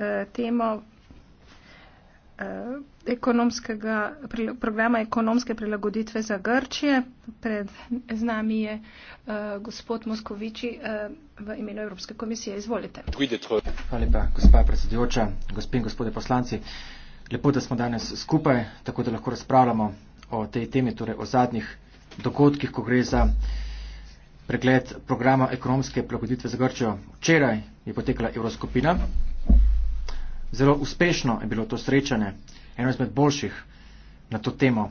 Eh, temo eh, ekonomskega, programa ekonomske prilagoditve za Grčije. Pred z nami je eh, gospod Moskoviči v imenu Evropske komisije. Izvolite. Hvala lepa, gospa predsedujoča, gospe in gospode poslanci. Lepo, da smo danes skupaj, tako da lahko razpravljamo o tej temi, torej o zadnjih dogodkih, ko gre za pregled programa ekonomske prilagoditve za Grčijo. Včeraj je potekala evroskupina, Zelo uspešno je bilo to srečanje, eno izmed boljših na to temo.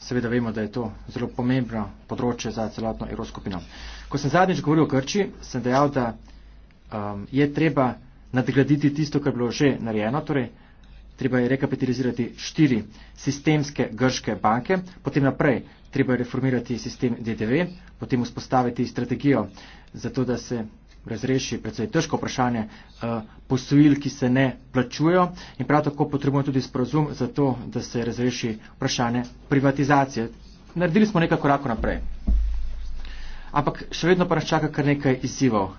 Seveda vemo, da je to zelo pomembno področje za celotno evroskupino. Ko sem zadnjič govoril o Grči, sem dejal, da um, je treba nadgraditi tisto, kar je bilo že narejeno, torej treba je rekapitalizirati štiri sistemske grške banke, potem naprej treba je reformirati sistem DDV, potem vzpostaviti strategijo, zato da se razreši predvsej težko vprašanje eh, posojil, ki se ne plačujo in prav tako potrebujemo tudi sporozum za to, da se razreši vprašanje privatizacije. Naredili smo nekaj korako naprej. Ampak še vedno pa nas čaka kar nekaj izzivov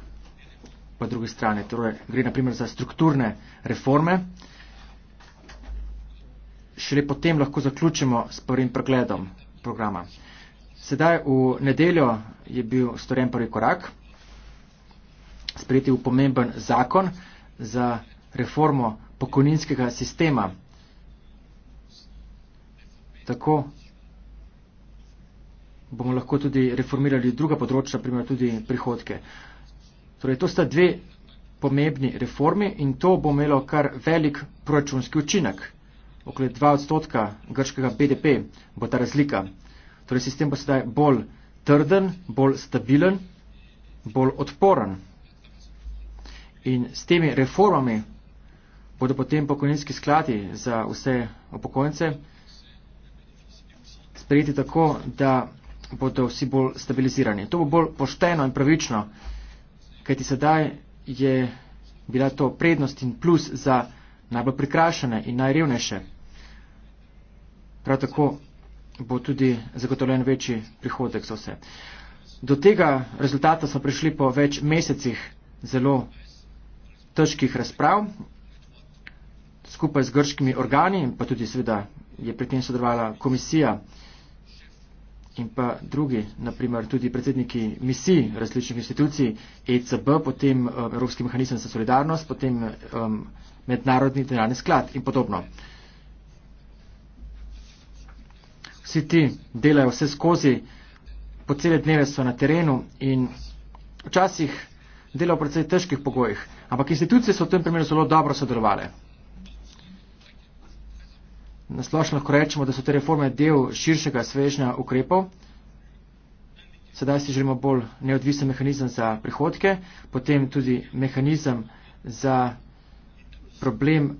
po drugi strani. Torej, gre naprimer za strukturne reforme. Šele potem lahko zaključimo s prvim pregledom programa. Sedaj v nedeljo je bil storjen prvi korak sprejeti v pomemben zakon za reformo pokojninskega sistema. Tako bomo lahko tudi reformirali druga področja, primer tudi prihodke. Torej, to sta dve pomembni reformi in to bo imelo kar velik proračunski učinek. Okoli 2 odstotka grškega BDP bo ta razlika. Torej, sistem bo sedaj bolj trden, bolj stabilen, bolj odporen. In s temi reformami bodo potem pokojninski skladi za vse upokojence sprejeti tako, da bodo vsi bolj stabilizirani. To bo bolj pošteno in pravično, kajti sedaj je bila to prednost in plus za najbolj prikrašene in najrevnejše. Prav tako bo tudi zagotovljen večji prihodek za vse. Do tega rezultata smo prišli po več mesecih zelo težkih razprav skupaj z grškimi organi, pa tudi seveda je pri tem sodelovala komisija in pa drugi, naprimer tudi predsedniki misij različnih institucij, ECB, potem eh, Evropski mehanizem za solidarnost, potem um, Mednarodni denarni sklad in podobno. Vsi ti delajo vse skozi, po cele dneve so na terenu in včasih delajo v precej težkih pogojih. Ampak institucije so v tem primeru zelo dobro sodelovale. Nasplošno lahko rečemo, da so te reforme del širšega svežnja ukrepov. Sedaj si želimo bolj neodvisen mehanizem za prihodke, potem tudi mehanizem za problem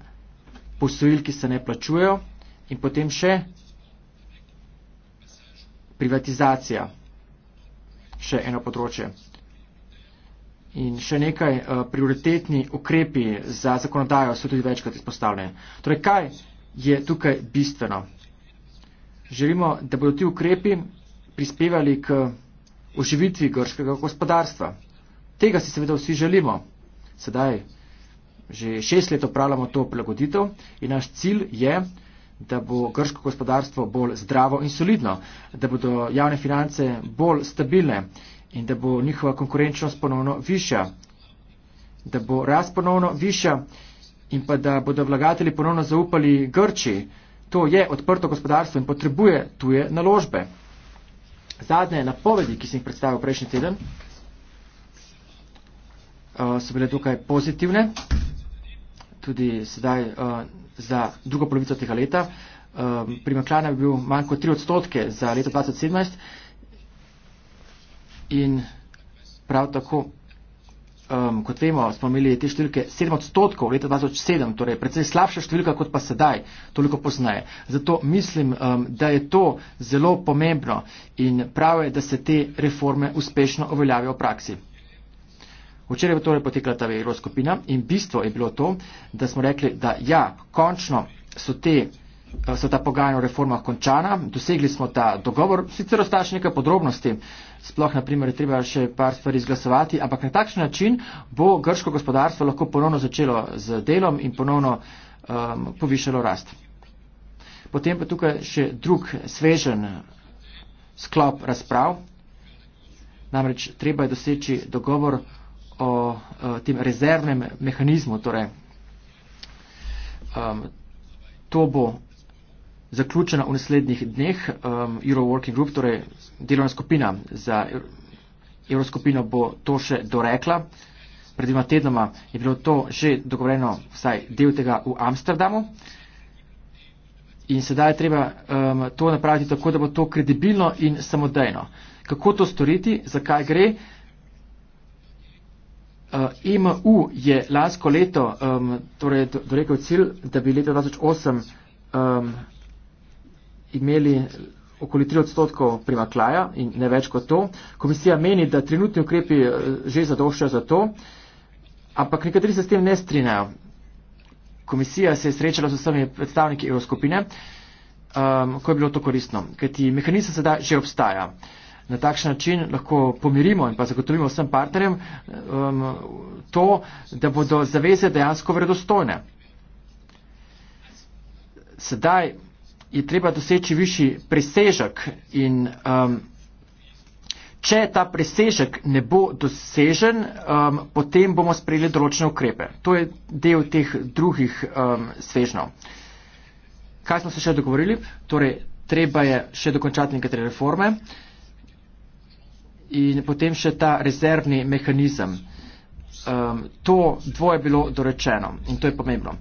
posojil, ki se ne plačujejo in potem še privatizacija, še eno področje. In še nekaj, eh, prioritetni ukrepi za zakonodajo so tudi večkrat izpostavljeni. Torej, kaj je tukaj bistveno? Želimo, da bodo ti ukrepi prispevali k oživitvi grškega gospodarstva. Tega si seveda vsi želimo. Sedaj že šest let opravljamo to prilagoditev in naš cilj je, da bo grško gospodarstvo bolj zdravo in solidno, da bodo javne finance bolj stabilne in da bo njihova konkurenčnost ponovno višja, da bo rast ponovno višja in pa da bodo vlagatelji ponovno zaupali Grči. To je odprto gospodarstvo in potrebuje tuje naložbe. Zadnje napovedi, ki sem jih predstavil prejšnji teden, eh, so bile tukaj pozitivne, tudi sedaj eh, za drugo polovico tega leta. Eh, Primaklana bi bil manj kot 3 odstotke za leto 2017 in prav tako, um, kot vemo, smo imeli te številke 7 odstotkov leta 2007, torej predvsej slabša številka kot pa sedaj, toliko poznaje. Zato mislim, um, da je to zelo pomembno in prav je, da se te reforme uspešno uveljavijo v praksi. Včeraj je torej potekla ta evroskopina in bistvo je bilo to, da smo rekli, da ja, končno so te Eh, so ta pogajanja o reformah končana, dosegli smo ta dogovor, sicer ostaja še nekaj podrobnosti, sploh naprimer je treba še par stvari izglasovati, ampak na takšen način bo grško gospodarstvo lahko ponovno začelo z delom in ponovno um, povišalo rast. Potem pa tukaj še drug svežen sklop razprav, namreč treba je doseči dogovor o, o eh, tem rezervnem mehanizmu, torej um, to bo zaključena v naslednjih dneh. Um, Euro Working Group, torej delovna skupina za Evroskupino bo to še dorekla. Pred dvima tednoma je bilo to že dogovoreno, vsaj del tega v Amsterdamu. In sedaj je treba um, to napraviti tako, da bo to kredibilno in samodejno. Kako to storiti, zakaj gre? Uh, EMU je lansko leto, um, torej dorekel cilj, da bi leta 2008 um, imeli okoli 3 odstotkov primaklaja in ne več kot to. Komisija meni, da trenutni ukrepi eh, že zadoščajo za to, ampak nekateri se s tem ne strinjajo. Komisija se je srečala z vsemi predstavniki evroskupine, um, ko je bilo to koristno, kajti mehanizem sedaj že obstaja. Na takšen način lahko pomirimo in pa zagotovimo vsem partnerjem um, to, da bodo zaveze dejansko vredostojne. Sedaj je treba doseči višji presežek in um, če ta presežek ne bo dosežen, um, potem bomo sprejeli določene ukrepe. To je del teh drugih um, svežnov. Kaj smo se še dogovorili? Torej, treba je še dokončati nekatere reforme in potem še ta rezervni mehanizem. Um, to dvoje je bilo dorečeno in to je pomembno.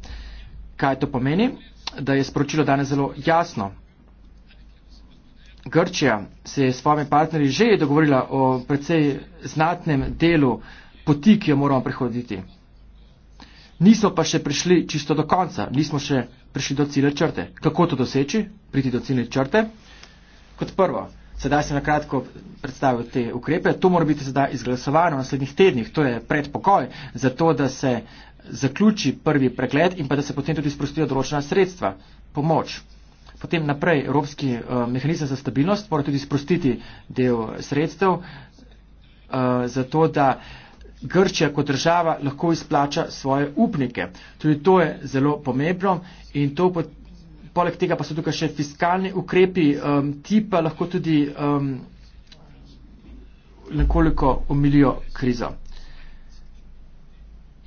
Kaj to pomeni? da je sporočilo danes zelo jasno. Grčija se je s svojimi partnerji že dogovorila o precej znatnem delu poti, ki jo moramo prehoditi. Nismo pa še prišli čisto do konca, nismo še prišli do cilje črte. Kako to doseči, priti do cilje črte? Kot prvo, sedaj sem na kratko predstavil te ukrepe, to mora biti sedaj izglasovano v naslednjih tednih, to je predpokoj za to, da se uh, zaključi prvi pregled in pa da se potem tudi sprostijo določena sredstva, pomoč. Potem naprej Evropski uh, mehanizem za stabilnost mora tudi sprostiti del sredstev, uh, zato da Grčija kot država lahko izplača svoje upnike. Tudi to je zelo pomembno in to pot, poleg tega pa so tukaj še fiskalni ukrepi, um, ti pa lahko tudi um, nekoliko omilijo krizo.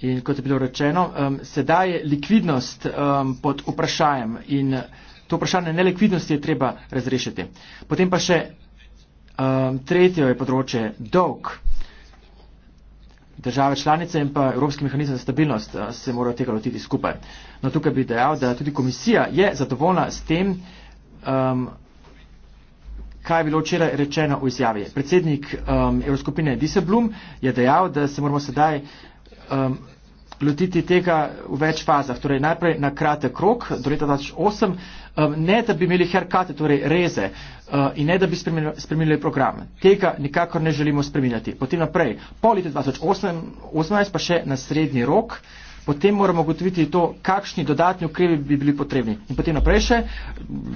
In kot je bilo rečeno, um, sedaj je likvidnost um, pod vprašanjem in to vprašanje nelikvidnosti je treba razrešiti. Potem pa še um, tretje je področje dolg. Države članice in pa Evropski mehanizem za stabilnost uh, se morajo tega lotiti skupaj. No tukaj bi dejal, da tudi komisija je zadovoljna s tem, um, kaj je bilo včeraj rečeno v izjavi. Predsednik um, Evroskupine Diseblum je dejal, da se moramo sedaj um, lotiti tega v več fazah. Torej, najprej na kratek rok, do leta 2008, um, ne da bi imeli herkate, torej reze uh, in ne da bi spremenili program. Tega nikakor ne želimo spremenjati. Potem naprej, po letu 2018 pa še na srednji rok. Potem moramo ugotoviti to, kakšni dodatni ukrepi bi bili potrebni. In potem naprej še,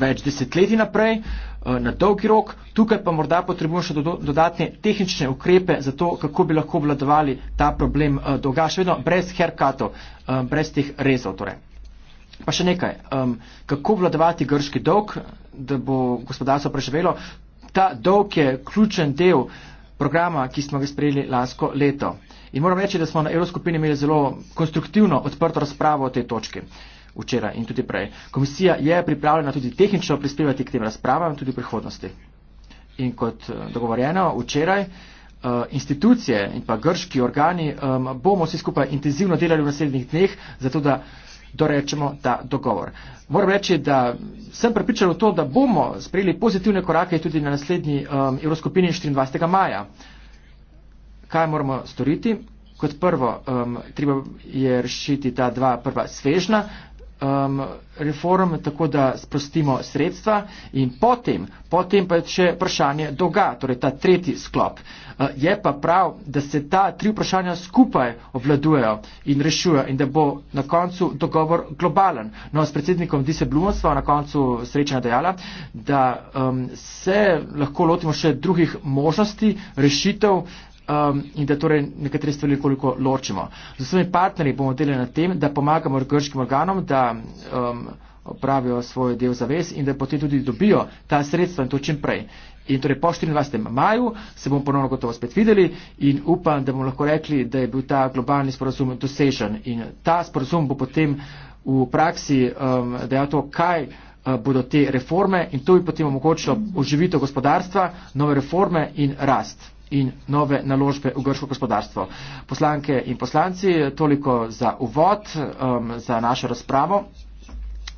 več desetletij naprej, uh, Eh, na dolgi rok. Tukaj pa morda potrebujemo še dodatne tehnične ukrepe za to, kako bi lahko obladovali ta problem eh, dolga, še vedno brez herkatov, eh, brez teh rezov. Torej. Pa še nekaj, um, kako vladovati grški dolg, da bo gospodarstvo preživelo. Ta dolg je ključen del programa, ki smo ga sprejeli lansko leto. In moram reči, da smo na Evropski skupini imeli zelo konstruktivno odprto razpravo o tej točki. Uh, včeraj in tudi prej. Komisija je pripravljena tudi tehnično prispevati k tem razpravam tudi v prihodnosti. In kot eh, dogovorjeno včeraj, eh, institucije in pa grški organi bomo vsi skupaj intenzivno delali v naslednjih dneh, zato da dorečemo ta dogovor. Moram reči, da sem pripričan v to, da bomo sprejeli pozitivne korake tudi na naslednji Evroskupini 24. maja. Kaj moramo storiti? Kot prvo, um, treba je rešiti ta dva prva svežna, um, reform, tako da sprostimo sredstva in potem, potem pa je še vprašanje dolga, torej ta tretji sklop. Uh, je pa prav, da se ta tri vprašanja skupaj obvladujejo in rešujejo in da bo na koncu dogovor globalen. No, s predsednikom Dise Blumenstva na koncu srečanja dejala, da um, se lahko lotimo še drugih možnosti rešitev uh, um, in da torej nekatere stvari nekoliko ločimo. Z vsemi partnerji bomo delali na tem, da pomagamo grškim organom, da um, opravijo svoj del zavez in da potem tudi dobijo ta sredstva in to čim prej. In torej po 24. maju se bomo ponovno gotovo spet videli in upam, da bomo lahko rekli, da je bil ta globalni sporozum dosežen. In ta sporozum bo potem v praksi um, dejal to, kaj uh, bodo te reforme in to bi potem omogočilo oživitev gospodarstva, nove reforme in rast in nove naložbe v grško gospodarstvo. Poslanke in poslanci, toliko za uvod, um, za našo razpravo.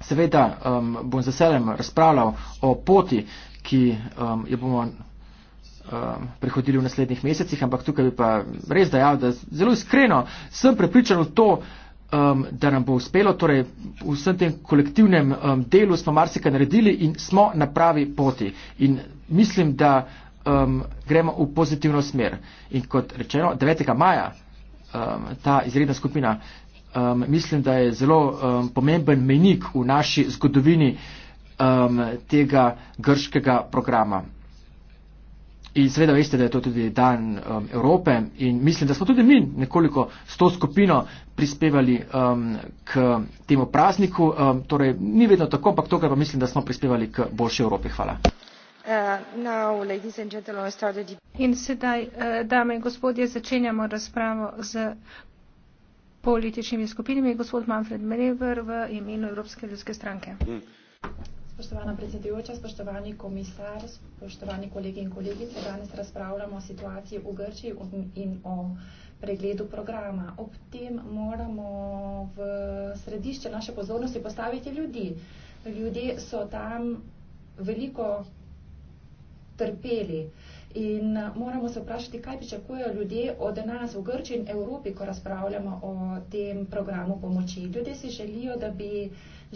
Seveda um, bom zaselem razpravljal o poti, ki um, jo bomo um, prihodili v naslednjih mesecih, ampak tukaj bi pa res dejal, da zelo iskreno sem prepričan v to, um, da nam bo uspelo. Torej, v vsem tem kolektivnem um, delu smo marsikaj naredili in smo na pravi poti. In mislim, da um, gremo v pozitivno smer. In kot rečeno, 9. maja um, ta izredna skupina, um, mislim, da je zelo um, pomemben menik v naši zgodovini um, tega grškega programa. In seveda veste, da je to tudi dan um, Evrope in mislim, da smo tudi mi nekoliko s to skupino prispevali um, k temu prazniku. Um, torej, ni vedno tako, ampak tokrat pa mislim, da smo prispevali k boljši Evropi. Hvala. Uh, in sedaj uh, dame in gospodje začenjamo razpravo z političnimi skupinami gospod Manfred Mrever v imenu Evropske ljudske stranke. Spoštovana predsedujoča, spoštovani komisar, spoštovani kolegi in kolegice, danes razpravljamo o situaciji v Grčiji in o pregledu programa. Ob tem moramo v središče naše pozornosti postaviti ljudi. Ljudje so tam veliko trpeli. In eh, moramo se vprašati, kaj pričakujejo ljudje od nas v Grči in Evropi, ko razpravljamo o tem programu pomoči. Ljudje si želijo, da bi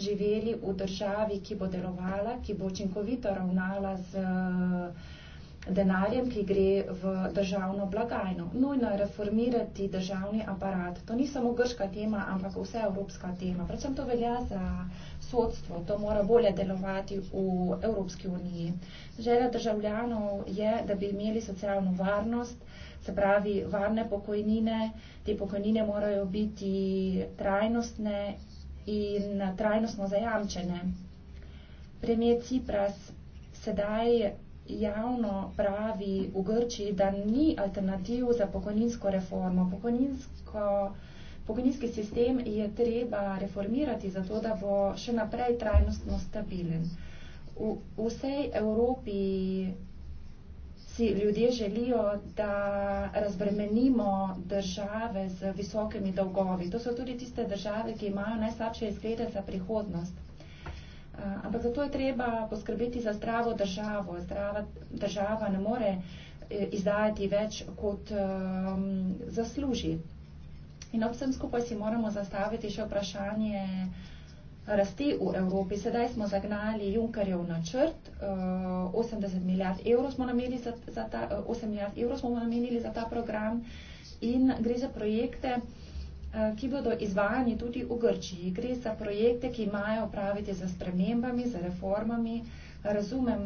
živeli v državi, ki bo delovala, ki bo učinkovito ravnala z uh, denarjem, ki gre v državno blagajno. Nujno je reformirati državni aparat. To ni samo grška tema, ampak vse evropska tema. Predvsem to velja za sodstvo. To mora bolje delovati v Evropski uniji. Želja državljanov je, da bi imeli socialno varnost, se pravi varne pokojnine. Te pokojnine morajo biti trajnostne in trajnostno zajamčene. Premijer Cipras sedaj javno pravi v Grčiji, da ni alternativ za pokojninsko reformo. Pokojninsko, pokojninski sistem je treba reformirati zato, da bo še naprej trajnostno stabilen. V vsej Evropi si ljudje želijo, da razbremenimo države z visokimi dolgovi. To so tudi tiste države, ki imajo najslabše izglede za prihodnost. Eh, ampak zato je treba poskrbeti za zdravo državo. Zdrava država ne more eh, izdajati več, kot um, zasluži. In ob vsem skupaj si moramo zastaviti še vprašanje rasti v Evropi. Sedaj smo zagnali Junkerjev načrt, 80 milijard evrov smo, namenili za, za ta, milijard evrov smo namenili za ta program in gre za projekte, Eh, ki bodo izvajani tudi v Grčiji. Gre za projekte, ki imajo opraviti za spremembami, za reformami. Razumem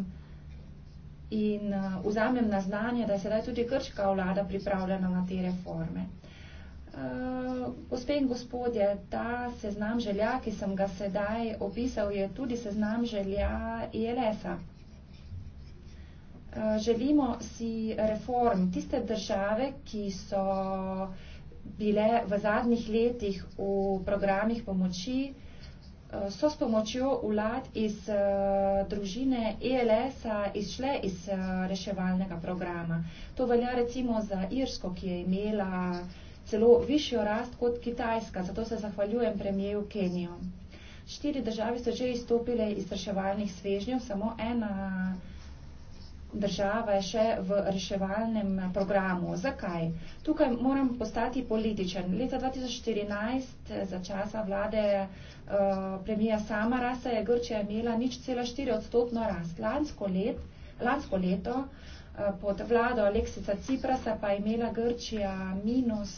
in eh, vzamem na znanje, da je sedaj tudi grčka vlada pripravljena na te reforme. Eh, gospe in gospodje, ta seznam želja, ki sem ga sedaj opisal, je tudi seznam želja ILS-a. E želimo si reform tiste države, ki so uh, bile v zadnjih letih v programih pomoči, eh, so s pomočjo vlad iz eh, družine ELS-a izšle iz eh, reševalnega programa. To velja recimo za Irsko, ki je imela celo višjo rast kot Kitajska, zato se zahvaljujem premijeju Kenijo. Štiri države so že izstopile iz reševalnih svežnjev, samo ena država je še v reševalnem programu. Zakaj? Tukaj moram postati političen. Leta 2014 eh, za časa vlade uh, premija sama rasa je Grčija imela nič cela 4 odstotno rast. Lansko, let, lansko leto uh, pod vlado Aleksica Ciprasa pa je imela Grčija minus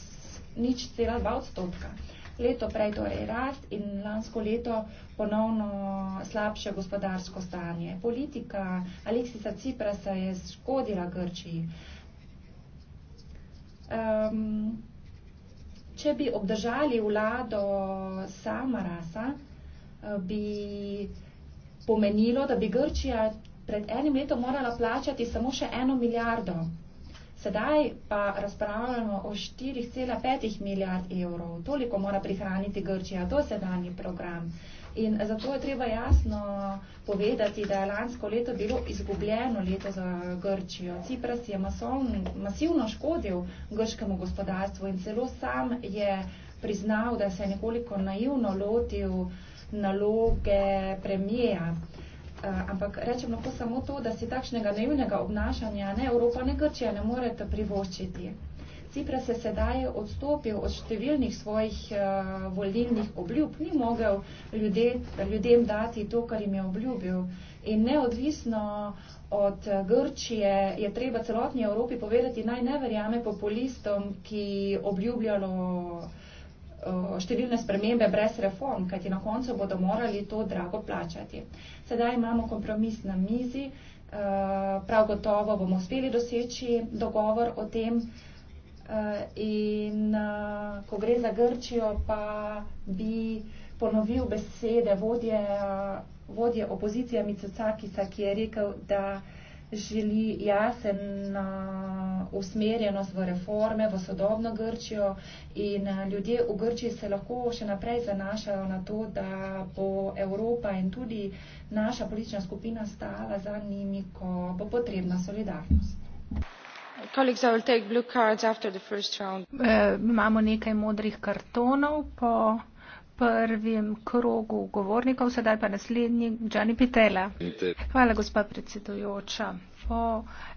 nič cela 2 odstotka. Uh, leto prej torej rast in lansko leto ponovno slabše gospodarsko stanje. Politika Aleksisa Ciprasa je škodila Grčiji. Um, če bi obdržali vlado Samarasa, eh, bi pomenilo, da bi Grčija pred enim letom morala plačati samo še eno milijardo Sedaj pa razpravljamo o 4,5 milijard evrov. Toliko mora prihraniti Grčija, to se danji program. In zato je treba jasno povedati, da je lansko leto bilo izgubljeno leto za Grčijo. Cipras je masovn, masivno škodil grškemu gospodarstvu in celo sam je priznal, da se je nekoliko naivno lotil naloge premijeja. Eh, ampak rečem lahko samo to, da si takšnega naivnega obnašanja ne Evropa, ne Grčija ne morete privoščiti. Cipras se sedaj odstopil od številnih svojih uh, volilnih obljub, ni mogel ljude, ljudem dati to, kar jim je obljubil. In neodvisno od eh, Grčije je treba celotni Evropi povedati, naj ne verjame populistom, ki obljubljalo. Eh, številne spremembe brez reform, kajti na koncu bodo morali to drago plačati. Sedaj imamo kompromis na mizi, eh, prav gotovo bomo uspeli doseči dogovor o tem eh, in ko gre za Grčijo, pa bi ponovil besede vodje, vodje opozicije Micocakisa, ki je rekel, da želi jasen usmerjenost v reforme, v sodobno Grčijo in ljudje v Grčiji se lahko še naprej zanašajo na to, da bo Evropa in tudi naša politična skupina stala za njimi, ko bo potrebna solidarnost. Colleagues, I will take blue cards after the first round. Uh, imamo nekaj modrih kartonov po prvem krogu govornikov, sedaj pa naslednji, Džani Pitela. Hvala, gospa predsedujoča. Po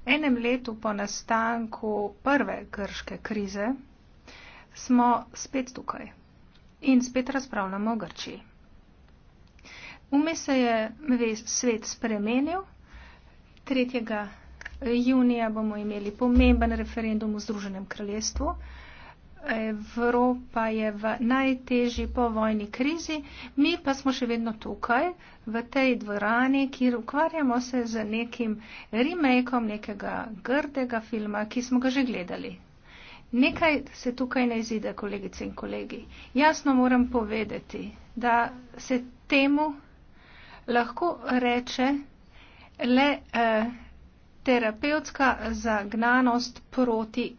enem letu po nastanku prve grške krize smo spet tukaj in spet razpravljamo o Grčiji. Vmes se je ves svet spremenil. 3. junija bomo imeli pomemben referendum v Združenem kraljestvu. Evropa je v najtežji povojni krizi, mi pa smo še vedno tukaj, v tej dvorani, kjer ukvarjamo se z nekim remakom nekega grdega filma, ki smo ga že gledali. Nekaj se tukaj ne izide, kolegice in kolegi. Jasno moram povedati, da se temu lahko reče le eh, terapevtska zagnanost proti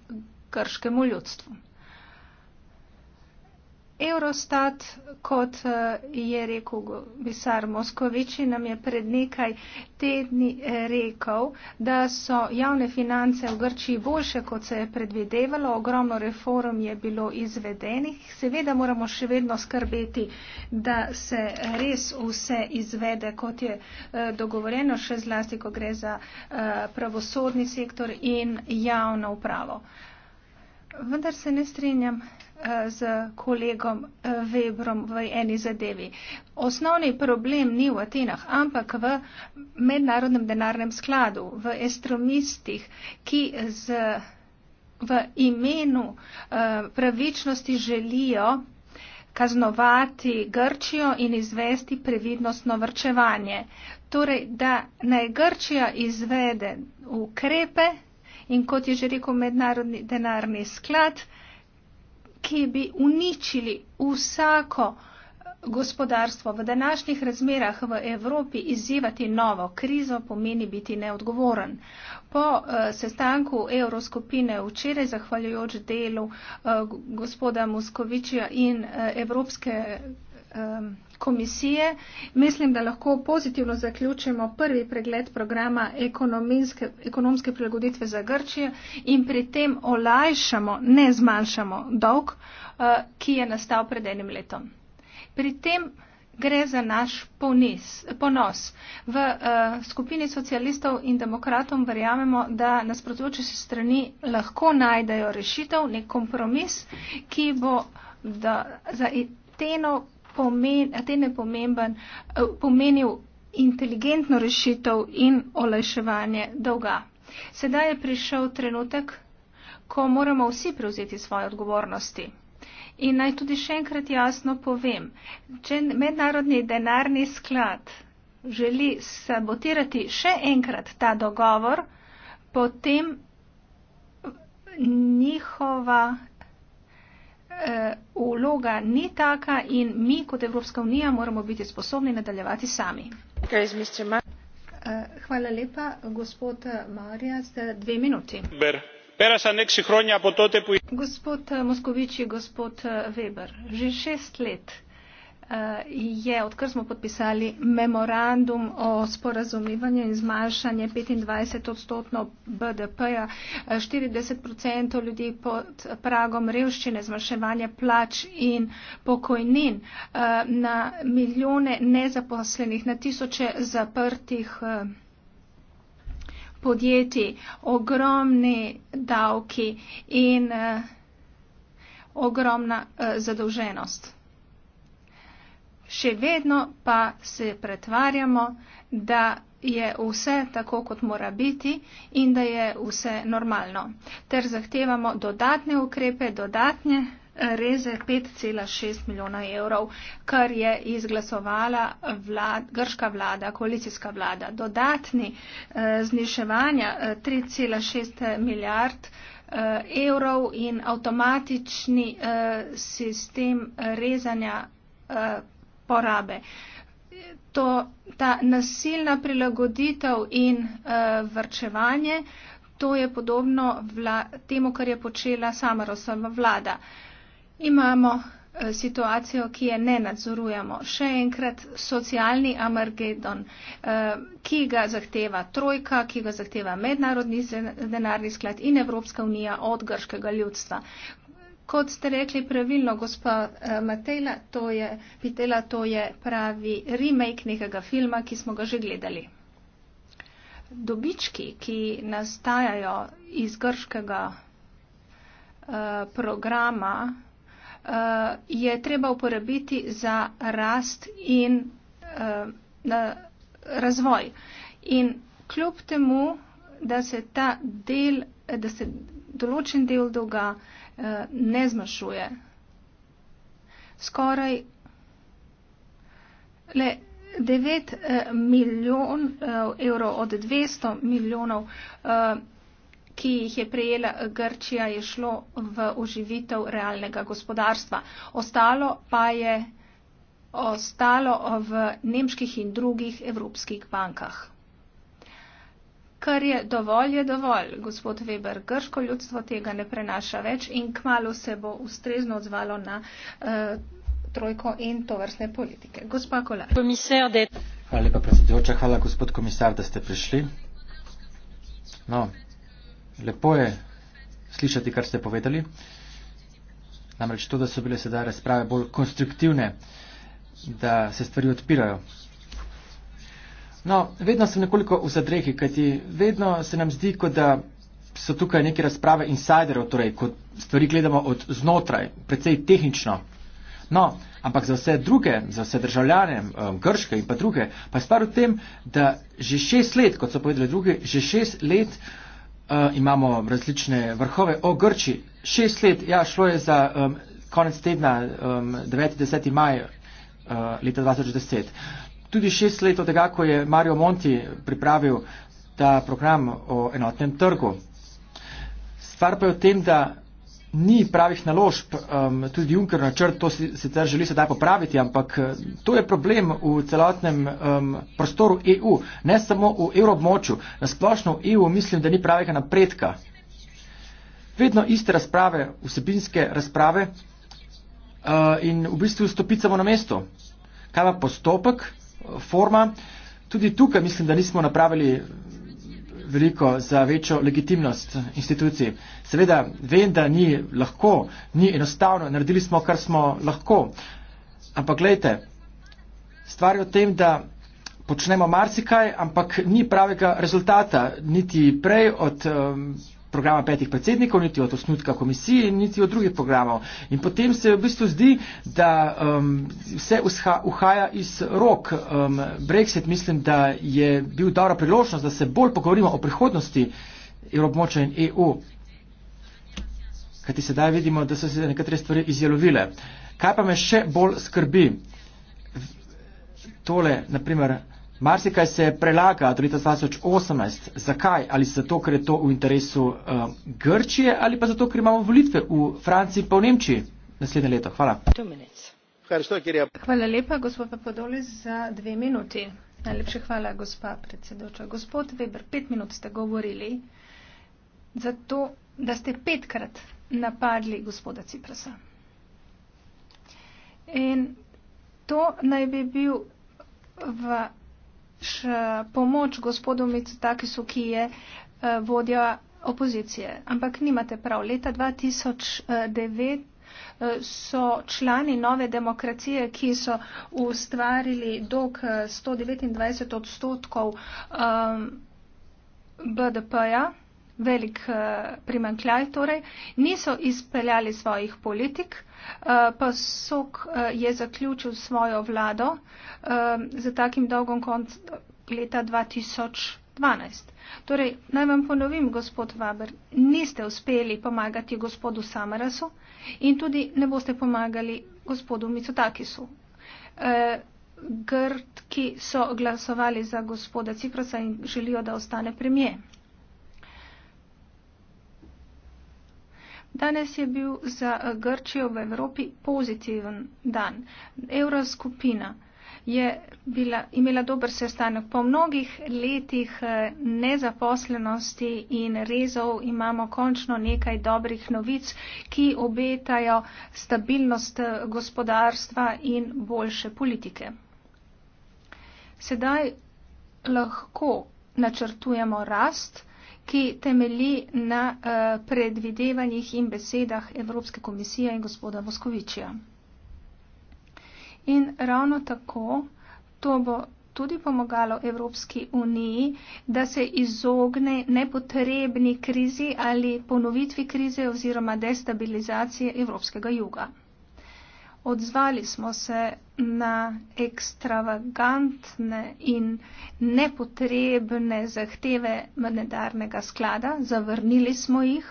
grškemu ljudstvu. Eurostat, kot eh, je rekel Bisar Moskoviči, nam je pred nekaj tedni eh, rekel, da so javne finance v Grčiji boljše, kot se je predvidevalo. Ogromno reform je bilo izvedenih. Seveda moramo še vedno skrbeti, da se res vse izvede, kot je eh, dogovoreno, še zlasti, ko gre za pravosodni sektor in javno upravo. Vendar se ne strinjam z kolegom eh, Webrom v eni zadevi. Osnovni problem ni v Atenah, ampak v mednarodnem denarnem skladu, v estromistih, ki z, v imenu eh, pravičnosti želijo kaznovati Grčijo in izvesti previdnostno vrčevanje. Torej, da naj Grčija izvede ukrepe in kot je že rekel mednarodni denarni sklad, ki bi uničili vsako gospodarstvo v današnjih razmerah v Evropi, izzivati novo krizo pomeni biti neodgovoren. Po uh, sestanku Evroskupine včeraj, zahvaljujoč delu uh, gospoda Moskovičja in uh, Evropske. Uh, komisije. Mislim, da lahko pozitivno zaključimo prvi pregled programa ekonomske prilagoditve za Grčijo in pri tem olajšamo, ne zmanjšamo dolg, eh, ki je nastal pred enim letom. Pri tem gre za naš ponis, ponos. V eh, skupini socialistov in demokratom verjamemo, da nasprotujoče se strani lahko najdejo rešitev, nek kompromis, ki bo da, za iteno pomen, je pomemben, eh, pomenil inteligentno rešitev in olajševanje dolga. Sedaj je prišel trenutek, ko moramo vsi prevzeti svoje odgovornosti. In naj tudi še enkrat jasno povem, če mednarodni denarni sklad želi sabotirati še enkrat ta dogovor, potem njihova vloga eh, ni taka in mi kot Evropska unija moramo biti sposobni nadaljevati sami. Eh, hvala lepa, gospod eh, Marija, ste dve minuti. Gospod Moskovič, gospod Weber, že šest let Eh, je, odkar smo podpisali memorandum o sporazumivanju in zmanjšanje 25 odstotno BDP-ja, 40 eh, odstotkov ljudi pod pragom revščine, zmanjševanje plač in pokojnin, eh, na milijone nezaposlenih, na tisoče zaprtih podjetij, ogromni davki in ogromna zadolženost še vedno pa se pretvarjamo, da je vse tako, kot mora biti in da je vse normalno. Ter zahtevamo dodatne ukrepe, dodatne reze 5,6 milijona evrov, kar je izglasovala vlad, grška vlada, koalicijska vlada. Dodatni eh, zniševanja 3,6 eh, milijard eh, evrov in avtomatični sistem rezanja porabe. To, ta nasilna prilagoditev in uh, eh, vrčevanje, to je podobno vla, temu, kar je počela sama Rosova vlada. Imamo uh, situacijo, ki je ne nadzorujemo. Še enkrat socialni amargedon, uh, eh, ki ga zahteva trojka, ki ga zahteva mednarodni denarni sklad in Evropska unija od grškega ljudstva kot ste rekli pravilno, gospa eh, Matela, to je, Pitela, to je pravi remake nekega filma, ki smo ga že gledali. Dobički, ki nastajajo iz grškega eh, programa, eh, je treba uporabiti za rast in razvoj. In kljub temu, da se ta del, da se določen del dolga Eh, ne zmanjšuje. Skoraj le 9 eh, milijon eh, evrov od 200 milijonov, ki jih je prejela Grčija, je šlo v oživitev realnega gospodarstva. Ostalo pa je ostalo v nemških in drugih evropskih bankah kar je dovolj, je dovolj. Gospod Weber, grško ljudstvo tega ne prenaša več in kmalo se bo ustrezno odzvalo na uh, trojko in to vrstne politike. Gospa Kolar. Hvala lepa, predsedujoča. Hvala, gospod komisar, da ste prišli. No, lepo je slišati, kar ste povedali. Namreč to, da so bile sedaj razprave bolj konstruktivne, da se stvari odpirajo. No, vedno sem nekoliko v zadrehi, kajti vedno se nam zdi, kot da so tukaj neke razprave insiderov, torej, kot stvari gledamo od znotraj, precej tehnično. No, ampak za vse druge, za vse državljane, um, grške in pa druge, pa je stvar v tem, da že šest let, kot so povedali druge, že šest let uh, imamo različne vrhove o Grči. Šest let, ja, šlo je za um, konec tedna, um, 9. 10. maj uh, leta 2010 tudi šest let od tega, ko je Mario Monti pripravil ta program o enotnem trgu. Stvar pa je v tem, da ni pravih naložb, um, tudi Juncker načrt to sicer želi sedaj popraviti, ampak eh, to je problem v celotnem um, prostoru EU, ne samo v evrobmoču. Na splošno v EU mislim, da ni pravega napredka. Vedno iste razprave, vsebinske razprave uh, in v bistvu stopicamo na mesto. Kaj pa postopek? forma. Tudi tukaj mislim, da nismo napravili veliko za večjo legitimnost institucij. Seveda vem, da ni lahko, ni enostavno, naredili smo, kar smo lahko. Ampak gledajte, stvar je o tem, da počnemo marsikaj, ampak ni pravega rezultata, niti prej od. Um, programa petih predsednikov, niti od osnutka komisije, niti od drugih programov. In potem se v bistvu zdi, da um, vse uhaja iz rok. Um, Brexit mislim, da je bil dobra priložnost, da se bolj pogovorimo o prihodnosti Evropmoča in EU. Kajti sedaj vidimo, da so se nekatere stvari izjelovile. Kaj pa me še bolj skrbi? Tole, na primer, Marsikaj se prelaga do leta 2018. Zakaj? Ali zato, ker je to v interesu uh, Grčije ali pa zato, ker imamo volitve v Franciji pa v Nemčiji naslednje leto? Hvala. Hvala lepa, gospod Papadoli, za dve minuti. Najlepše hvala, gospa predsedoča. Gospod Weber, pet minut ste govorili za to, da ste petkrat napadli gospoda Ciprasa. In to naj bi bil v imaš eh, pomoč gospodu Mitsotakisu, ki je eh, vodja opozicije. Ampak nimate prav. Leta 2009 eh, so člani nove demokracije, ki so ustvarili dok 129 odstotkov um, BDP-ja, velik uh, primankljaj, torej niso izpeljali svojih politik, uh, pa Sok uh, je zaključil svojo vlado uh, za takim dolgom konc leta 2012. Torej, naj vam ponovim, gospod Waber, niste uspeli pomagati gospodu Samarasu in tudi ne boste pomagali gospodu Micotakisu. E, Grdki so glasovali za gospoda Ciprasa in želijo, da ostane premije. Danes je bil za eh, Grčijo v Evropi pozitiven dan. Evroskupina je bila, imela dober sestanek. Po mnogih letih eh, nezaposlenosti in rezov imamo končno nekaj dobrih novic, ki obetajo stabilnost eh, gospodarstva in boljše politike. Sedaj lahko načrtujemo rast ki temeli na eh, predvidevanjih in besedah Evropske komisije in gospoda Voskovičija. In ravno tako to bo tudi pomagalo Evropski uniji, da se izogne nepotrebni krizi ali ponovitvi krize oziroma destabilizacije Evropskega juga. Odzvali smo se na ekstravagantne in nepotrebne zahteve monetarnega sklada, zavrnili smo jih,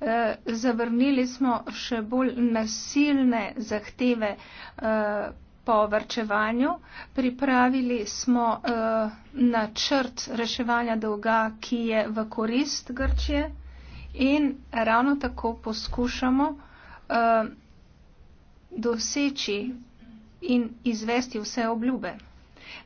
eh, zavrnili smo še bolj nasilne zahteve eh, po vrčevanju, pripravili smo eh, načrt reševanja dolga, ki je v korist Grčije in ravno tako poskušamo doseči in izvesti vse obljube.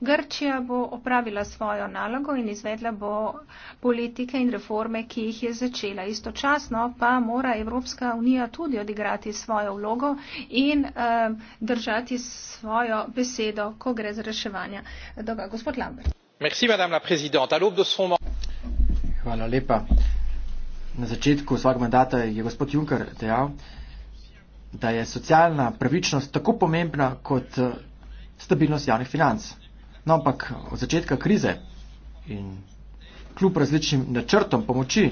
Grčija bo opravila svojo nalogo in izvedla bo politike in reforme, ki jih je začela. Istočasno pa mora Evropska unija tudi odigrati svojo vlogo in eh, držati svojo besedo, ko gre za reševanje. Dobro, gospod Lambert. Merci, son... Hvala lepa. Na začetku vsakega mandata je gospod Juncker dejal, da je socialna pravičnost tako pomembna kot eh, stabilnost javnih financ. No, ampak od začetka krize in kljub različnim načrtom pomoči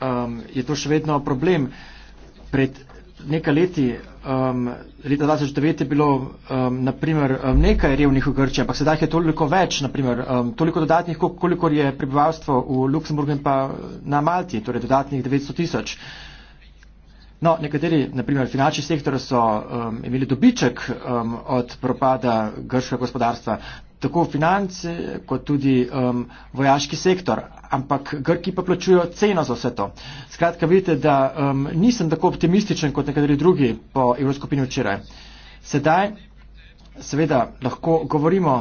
um, je to še vedno problem. Pred nekaj leti, um, leta 2009 je bilo um, ehm, naprimer nekaj revnih v Grčiji, ampak sedaj je toliko več, naprimer um, toliko dodatnih, koliko je prebivalstvo v Luksemburgu in pa na Malti, torej dodatnih 900 tisoč. No, nekateri, naprimer finančni sektor, so um, imeli dobiček um, od propada grškega gospodarstva, tako finance kot tudi um, vojaški sektor, ampak Grki pa plačujo ceno za vse to. Skratka, vidite, da um, nisem tako optimističen kot nekateri drugi po Evroskupini včeraj. Sedaj seveda lahko govorimo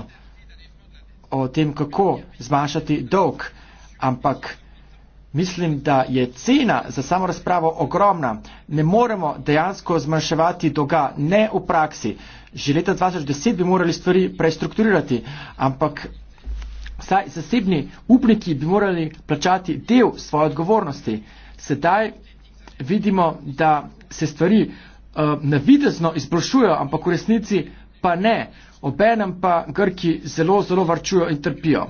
o tem, kako zmanjšati dolg, ampak Mislim, da je cena za samo razpravo ogromna. Ne moremo dejansko zmanjševati dolga, ne v praksi. Že leta 2010 bi morali stvari prestrukturirati, ampak vsaj zasebni upniki bi morali plačati del svoje odgovornosti. Sedaj vidimo, da se stvari uh, navidezno izboljšujejo, ampak v resnici pa ne. Obenem pa Grki zelo, zelo varčujo in trpijo.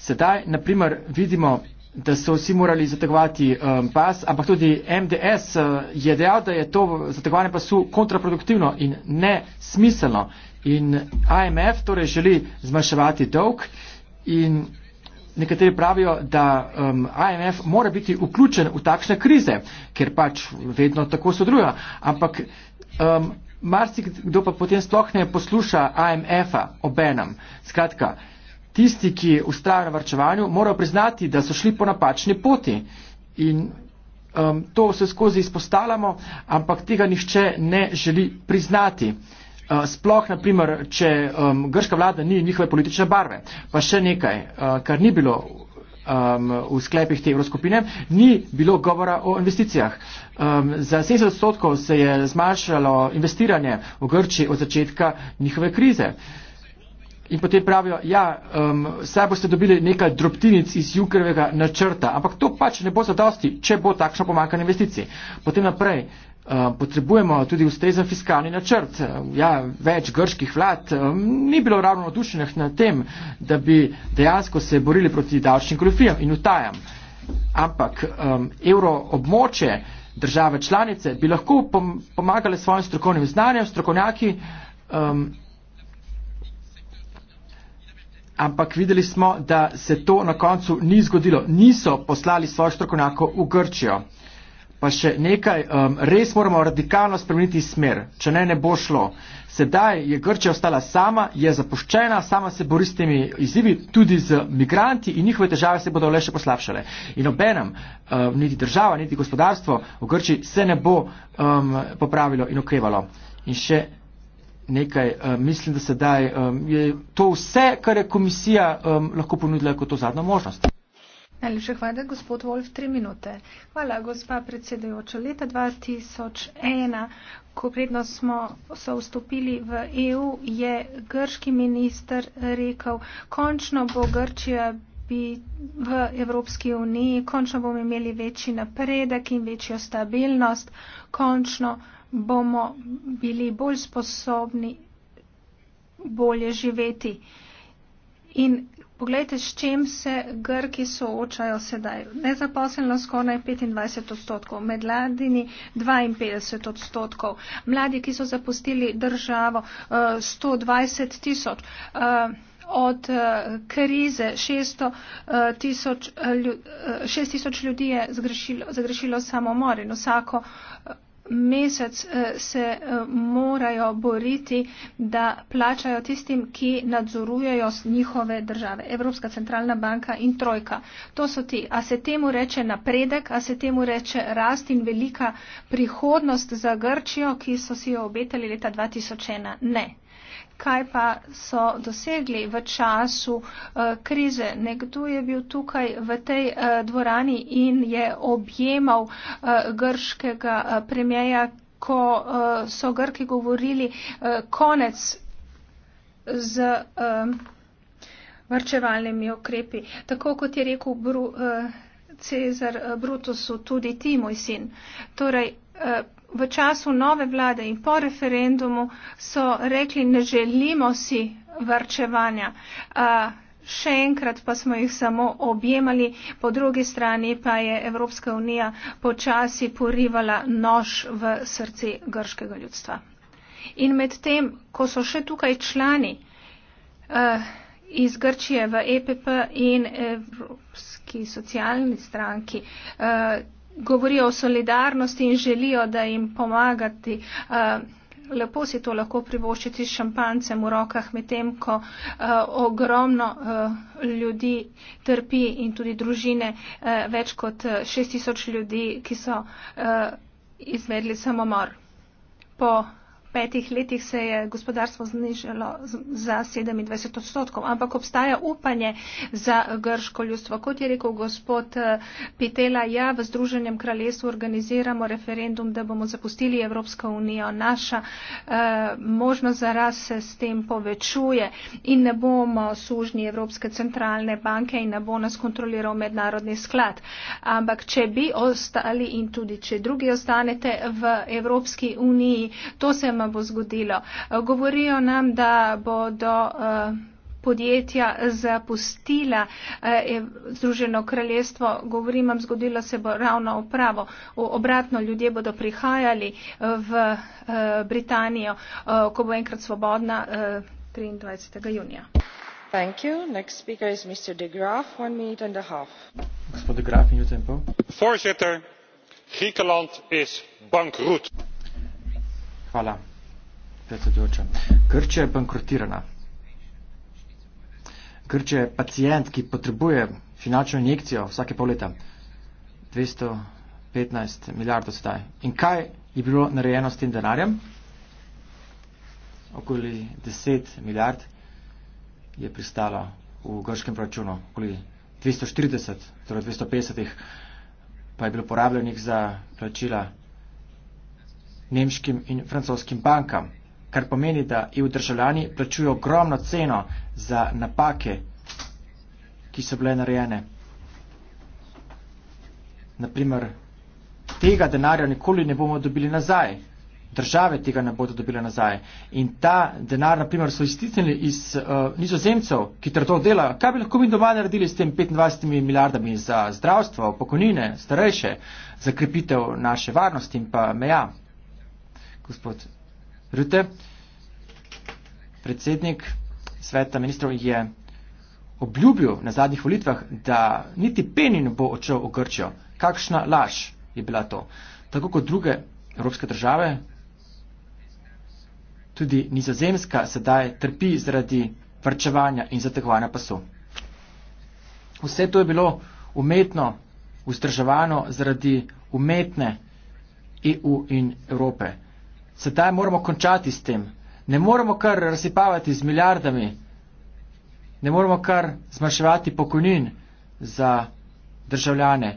Sedaj, naprimer, vidimo, da so vsi morali zategovati um, pas, ampak tudi MDS uh, je dejal, da je to zategovanje pasu kontraproduktivno in nesmiselno. In IMF torej želi zmanjševati dolg in nekateri pravijo, da um, IMF mora biti vključen v takšne krize, ker pač vedno tako sodruja. Ampak um, marsikdo pa potem sploh ne posluša IMF-a obenem. Skratka, tisti, ki ustrajajo na varčevanju, morajo priznati, da so šli po napačni poti. In um, to vse skozi izpostavljamo, ampak tega nihče ne želi priznati. Uh, sploh, naprimer, če um, grška vlada ni njihove politične barve. Pa še nekaj, uh, kar ni bilo um, v sklepih te evroskupine, ni bilo govora o investicijah. Um, za 70 odstotkov se je zmanjšalo investiranje v Grči od začetka njihove krize. Uh, In potem pravijo, ja, um, saj boste dobili nekaj drobtinic iz jukrevega načrta, ampak to pač ne bo zadosti, če bo takšno pomankanje investicij. Potem naprej, um, potrebujemo tudi ustrezen fiskalni načrt. Ja, več grških vlad um, ni bilo ravno odušenih na tem, da bi dejansko se borili proti davčnim grofijam in utajam. Ampak um, evro območje države članice bi lahko pom pomagale svojim strokovnim znanjem, strokovnjaki. Um, ampak videli smo, da se to na koncu ni zgodilo. Niso poslali svojo štrokonjako v Grčijo. Pa še nekaj, um, res moramo radikalno spremeniti smer, če ne, ne bo šlo. Sedaj je Grčija ostala sama, je zapuščena, sama se bori s temi izzivi, tudi z migranti in njihove težave se bodo le še poslavšale. In obenem, um, niti država, niti gospodarstvo v Grčiji se ne bo um, popravilo in okrevalo. In še nekaj, um, mislim, da sedaj um, je to vse, kar je komisija um, lahko ponudila kot to zadnjo možnost. Najlepša hvala, gospod Wolf, tri minute. Hvala, gospa predsedujoča. Leta 2001, ko predno smo so vstopili v EU, je grški minister rekel, končno bo Grčija v Evropski uniji, končno bomo imeli večji napredek in večjo stabilnost, končno bomo bili bolj sposobni bolje živeti. In pogledajte, s čim se Grki soočajo sedaj. Nezaposlenost skoraj 25 odstotkov, med mladini 52 odstotkov, mladi, ki so zapustili državo 120 eh, tisoč, eh, od eh, krize 600 tisoč, 6 tisoč ljudi je zagrešilo, zagrešilo samomor in vsako mesec eh, se eh, morajo boriti, da plačajo tistim, ki nadzorujejo njihove države. Evropska centralna banka in trojka. To so ti. A se temu reče napredek, a se temu reče rast in velika prihodnost za Grčijo, ki so si jo obetali leta 2001? Ne kaj pa so dosegli v času uh, krize. Nekdo je bil tukaj v tej uh, dvorani in je objemal uh, grškega uh, premjeja, ko uh, so Grki govorili uh, konec z. Uh, vrčevalnimi okrepi. Tako kot je rekel Bru, eh, Cezar eh, Brutusu, tudi ti, moj sin. Torej, eh, v času nove vlade in po referendumu so rekli, ne želimo si vrčevanja. A, še enkrat pa smo jih samo objemali, po drugi strani pa je Evropska unija počasi porivala nož v srce grškega ljudstva. In medtem, ko so še tukaj člani a, iz Grčije v EPP in Evropski socialni stranki, a, govorijo o solidarnosti in želijo, da jim pomagati. Uh, lepo si to lahko privoščiti s šampancem v rokah, medtem ko uh, ogromno uh, ljudi trpi in tudi družine, uh, več kot 6000 ljudi, ki so uh, izvedli samomor. Po petih letih se je gospodarstvo znižalo za 27 odstotkov, ampak obstaja upanje za grško ljudstvo. Kot je rekel gospod eh, Pitela, ja, v Združenem kraljestvu organiziramo referendum, da bomo zapustili Evropsko unijo. Naša eh, možnost za raz se s tem povečuje in ne bomo sužni Evropske centralne banke in ne bo nas kontroliral mednarodni sklad. Ampak če bi ostali in tudi če drugi ostanete v Evropski uniji, to se nama bo zgodilo. Eh, govorijo nam, da bodo eh, podjetja zapustila eh, Združeno kraljestvo. Govorim vam, zgodilo se bo ravno upravo. Obratno, ljudje bodo prihajali v Britanijo, ko bo enkrat svobodna 23. junija. Thank you. Next speaker is Mr. De Graaf, one minute and a half. Gospod De Graaf, minuta in pol. Voorzitter, Griekenland is bankroet. Hvala predsedujoča. Grčija je bankrotirana. Grčija je pacijent, ki potrebuje finančno injekcijo vsake pol leta. 215 milijardov sedaj. In kaj je bilo narejeno s tem denarjem? Okoli 10 milijard je pristalo v grškem proračunu, okoli 240, torej 250 pa je bilo porabljenih za plačila nemškim in francoskim bankam kar pomeni, da EU državljani plačujo ogromno ceno za napake, ki so bile narejene. Naprimer, tega denarja nikoli ne bomo dobili nazaj. Države tega ne bodo dobile nazaj. In ta denar, naprimer, so iztisnili iz uh, nizozemcev, ki trdo delajo. Kaj bi lahko mi doma naredili s tem 25 milijardami za zdravstvo, pokojnine, starejše, za krepitev naše varnosti in pa meja? Gospod Rute, predsednik sveta ministrov, je obljubil na zadnjih volitvah, da niti Penin bo odšel v Grčijo. Kakšna laž je bila to? Tako kot druge evropske države, tudi nizozemska sedaj trpi zaradi vrčevanja in zategovanja pasu. Vse to je bilo umetno vzdrževano zaradi umetne EU in Evrope sedaj moramo končati s tem. Ne moramo kar razsipavati z milijardami, ne moramo kar zmanjševati pokojnin za državljane.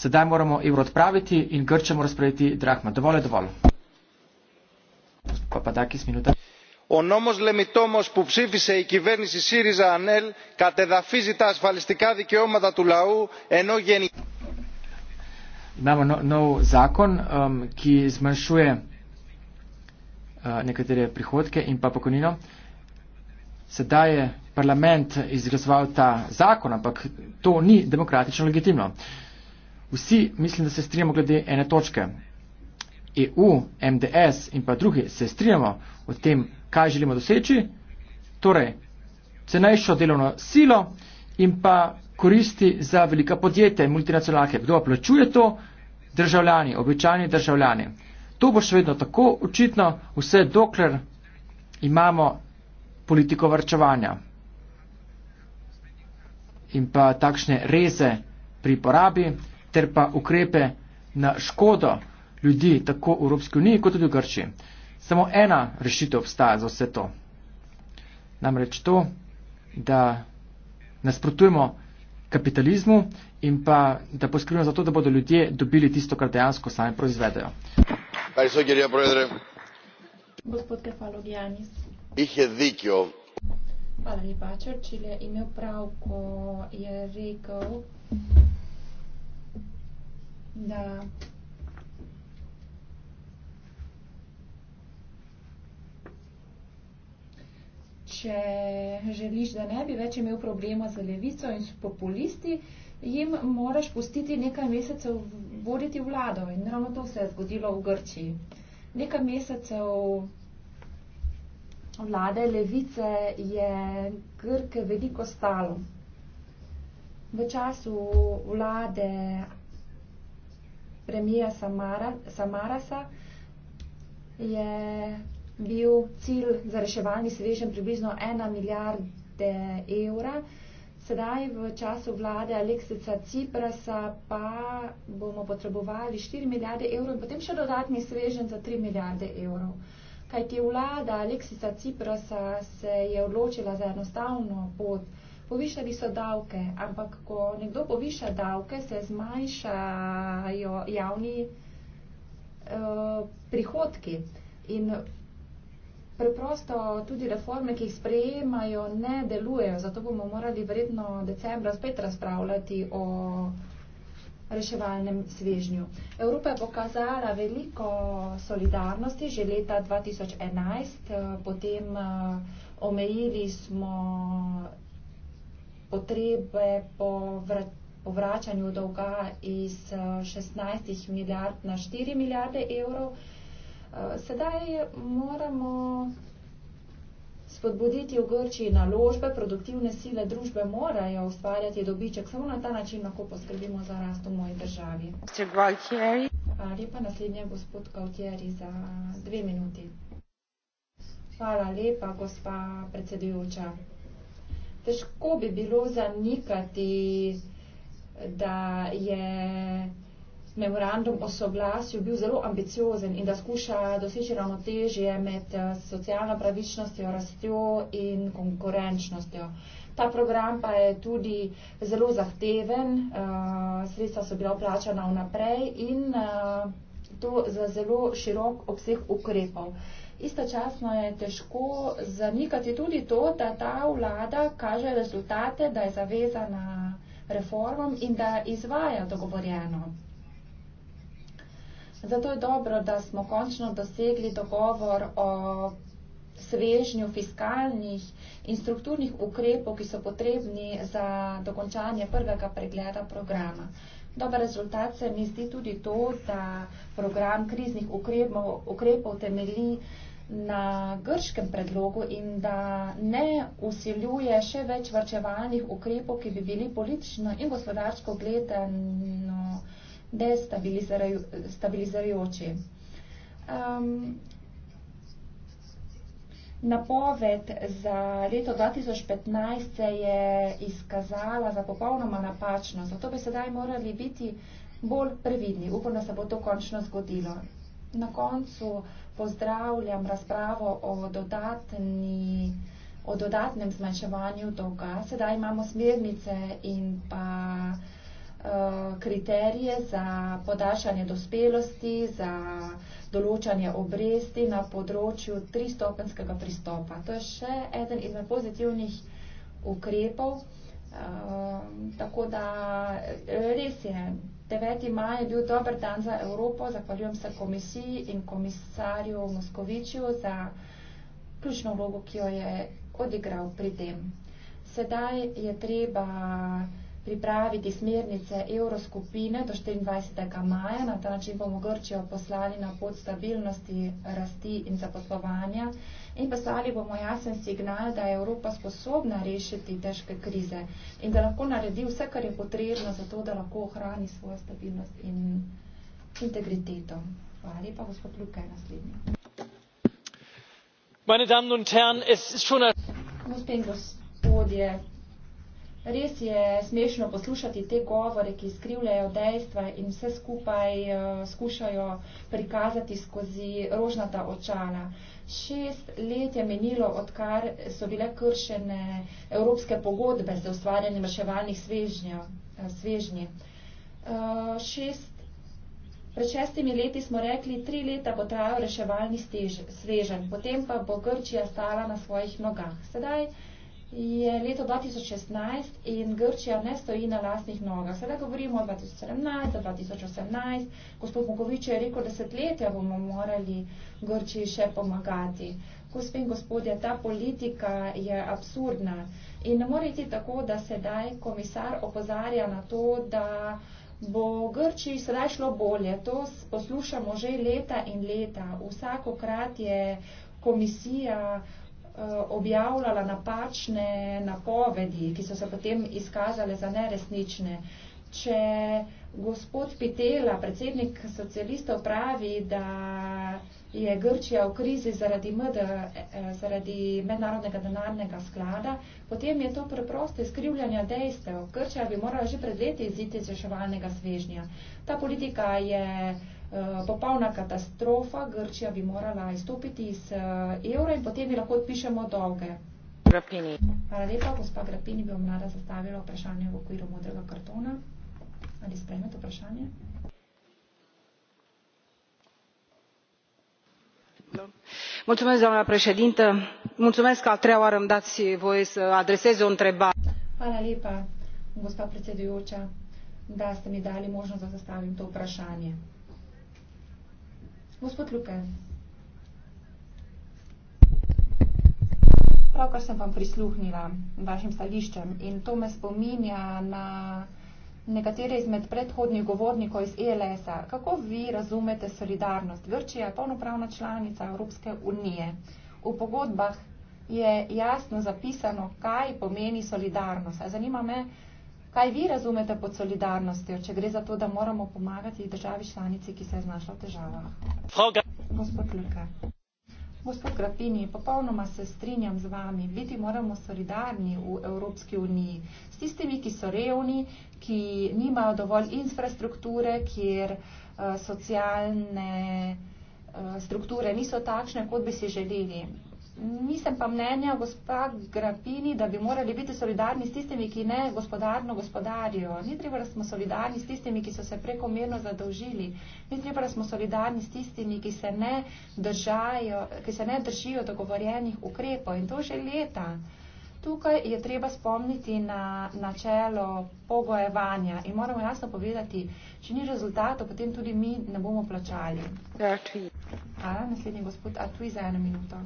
Sedaj moramo evro odpraviti in Grče mora sprejeti drahma. Dovolj je dovolj. Papadakis, minuta. Ο νόμος Λεμιτόμος που ψήφισε η κυβέρνηση ΣΥΡΙΖΑ ΑΝΕΛ κατεδαφίζει τα ασφαλιστικά δικαιώματα του λαού ενώ γεννήθηκε imamo no, nov zakon, um, ki zmanjšuje uh, nekatere prihodke in pa pokonino. Sedaj je parlament izglasoval ta zakon, ampak to ni demokratično legitimno. Vsi mislim, da se strinjamo glede ene točke. EU, MDS in pa drugi se strinjamo o tem, kaj želimo doseči, torej cenejšo delovno silo in pa koristi za velika podjetja in multinacionalke. Kdo plačuje to? Državljani, običajni državljani. To bo še vedno tako očitno, vse dokler imamo politiko varčevanja in pa takšne reze pri porabi ter pa ukrepe na škodo ljudi tako v Evropski uniji kot tudi v Grčiji. Samo ena rešitev obstaja za vse to. Namreč to, da nasprotujemo kapitalizmu in pa da poskrbimo za to, da bodo ljudje dobili tisto, kar dejansko sami proizvedejo. Hvala, kjer je proizvedel. Gospod Kefalo Gijanis. Ih je dikjo. Hvala lepa, Churchill je imel prav, ko je rekel, da če želiš, da ne bi več imel problema z levico in s populisti, jim moraš pustiti nekaj mesecev voditi vlado. In ravno to se je zgodilo v Grčiji. Nekaj mesecev vlade levice je Grke veliko stalo. V času vlade premija Samara, Samarasa je bil cilj za reševalni svežen približno ena milijarde evra. Sedaj v času vlade Aleksica Ciprasa pa bomo potrebovali 4 milijarde evrov in potem še dodatni svežen za 3 milijarde evrov. Kaj ti vlada Aleksica Ciprasa se je odločila za enostavno pot, povišali so davke, ampak ko nekdo poviša davke, se zmanjšajo javni eh, prihodki. In preprosto tudi reforme, ki jih sprejemajo, ne delujejo. Zato bomo morali verjetno decembra spet razpravljati o reševalnem svežnju. Evropa je pokazala veliko solidarnosti že leta 2011, potem omejili smo potrebe po povračanju dolga iz 16 milijard na 4 milijarde evrov. Eh, sedaj moramo spodbuditi v Grčiji naložbe, produktivne sile družbe morajo ustvarjati dobiček. Samo na ta način lahko poskrbimo za rast v moji državi. Hvala lepa, naslednje gospod Gautieri za eh, dve minuti. Hvala lepa, gospa predsedujoča. Težko bi bilo zanikati, da je memorandum o soglasju bil zelo ambiciozen in da skuša doseči ravnotežje med eh, socialno pravičnostjo, rastjo in konkurenčnostjo. Ta program pa je tudi zelo zahteven, eh, sredstva so bila vplačana vnaprej in eh, to za zelo širok obseg ukrepov. Istočasno je težko zanikati tudi to, da ta vlada kaže rezultate, da je zavezana reformom in da izvaja dogovorjeno. Zato je dobro, da smo končno dosegli dogovor o svežnju fiskalnih in strukturnih ukrepov, ki so potrebni za dokončanje prvega pregleda programa. Dober rezultat se mi zdi tudi to, da program kriznih ukrepov, ukrepov temeli na grškem predlogu in da ne usiljuje še več vrčevalnih ukrepov, ki bi bili politično in gospodarsko gledano. No, destabilizirajoči. Um, Napoved za leto 2015 se je izkazala za popolnoma napačno, zato bi sedaj morali biti bolj previdni. Upam, da se bo to končno zgodilo. Na koncu pozdravljam razpravo o, dodatni, o dodatnem zmanjševanju dolga. Sedaj imamo smernice in pa. Eh, kriterije za podaljšanje dospelosti, za določanje obresti na področju tristopenskega pristopa. To je še eden izmed pozitivnih ukrepov. Eh, tako da eh, res je, 9. maj je bil dober dan za Evropo, zahvaljujem se komisiji in komisarju Moskoviču za ključno vlogo, ki jo je odigral pri tem. Sedaj je treba pripraviti smernice evroskupine do 24. maja. Na ta način bomo Grčijo poslali na pot stabilnosti, rasti in zaposlovanja in poslali bomo jasen signal, da je Evropa sposobna rešiti težke krize in da lahko naredi vse, kar je potrebno za to, da lahko ohrani svojo stabilnost in integriteto. Hvala lepa, gospod Luka, naslednji. Meine Damen und Herren, es ist schon ein... Gospod in gospodje, Res je smešno poslušati te govore, ki skrivljajo dejstva in vse skupaj eh, skušajo prikazati skozi rožnata očala. Šest let je menilo, odkar so bile kršene evropske pogodbe za ustvarjanje maševalnih svežnje. Eh, eh, šest Pred šestimi leti smo rekli, tri leta bo trajal reševalni svežen, potem pa bo Grčija stala na svojih nogah. Sedaj je leto 2016 in Grčija ne stoji na lastnih nogah. Sedaj govorimo o 2017, 2018. Gospod Mokovič je rekel, desetletja bomo morali Grčiji še pomagati. Gospe in gospodje, ta politika je absurdna in ne more iti tako, da sedaj komisar opozarja na to, da bo Grčiji sedaj šlo bolje. To poslušamo že leta in leta. Vsakokrat je komisija. Eh, objavljala napačne napovedi, ki so se potem izkazale za neresnične. Če gospod Pitela, predsednik socialistov, pravi, da je Grčija v krizi zaradi, MD, eh, zaradi mednarodnega denarnega sklada, potem je to preproste skrivljanje dejstev. Grčija bi morala že pred leti iziti iz reševalnega svežnja. Ta politika je Eh, popolna katastrofa, Grčija bi morala izstopiti iz eh, evra in potem bi lahko odpišemo dolge. Grapini. Hvala lepa, gospa Grapini, bi vam rada zastavila vprašanje v okviru modrega kartona. Ali sprejmete vprašanje? Mulțumesc, doamna președintă. Mulțumesc că a treia oară îmi dați voie să adresez o întrebare. Hvala lepa, gospa predsedujoča, da ste mi dali možnost să zastavim to vprašanje. Gospod Lukas. Pravkar sem vam prisluhnila vašim stališčem in to me spominja na nekatere izmed predhodnih govornikov iz ELS-a. Kako vi razumete solidarnost? Grčija je polnopravna članica Evropske unije. V pogodbah je jasno zapisano, kaj pomeni solidarnost. Zanima me, Kaj vi razumete pod solidarnostjo, če gre za to, da moramo pomagati državi članici, ki se je znašla v težavah? Froga. Gospod Luka. Gospod Grapini, popolnoma se strinjam z vami. Biti moramo solidarni v Evropski uniji s tistimi, ki so revni, ki nimajo dovolj infrastrukture, kjer uh, socialne uh, strukture niso takšne, kot bi si želeli nisem pa mnenja gospa Grapini, da bi morali biti solidarni s tistimi, ki ne gospodarno gospodarijo. Ni treba, da smo solidarni s tistimi, ki so se prekomerno zadolžili. Ni treba, da smo solidarni s tistimi, ki se ne, držajo, ki se ne držijo dogovorjenih ukrepov. In to že leta. Tukaj je treba spomniti na načelo pogojevanja in moramo jasno povedati, če ni rezultatov, potem tudi mi ne bomo plačali. Hvala, naslednji gospod, a tu za eno minuto.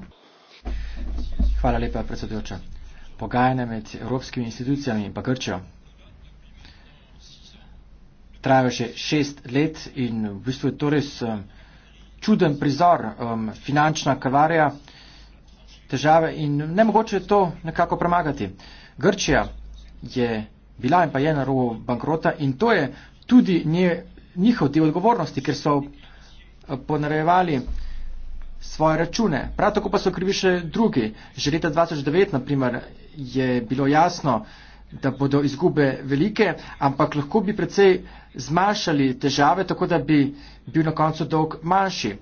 Hvala lepa, predsedujoča. Pogajanja med evropskimi institucijami in pa Grčjo trajajo že šest let in v bistvu je to res um, čuden prizor, um, finančna kalvarija, težave in nemogoče je to nekako premagati. Grčija je bila in pa je na robu bankrota in to je tudi nje, njihov del odgovornosti, ker so uh, ponarejevali svoje račune. Prav tako pa so krivi še drugi. Že leta 2009, naprimer, je bilo jasno, da bodo izgube velike, ampak lahko bi precej zmanjšali težave, tako da bi bil na koncu dolg manjši.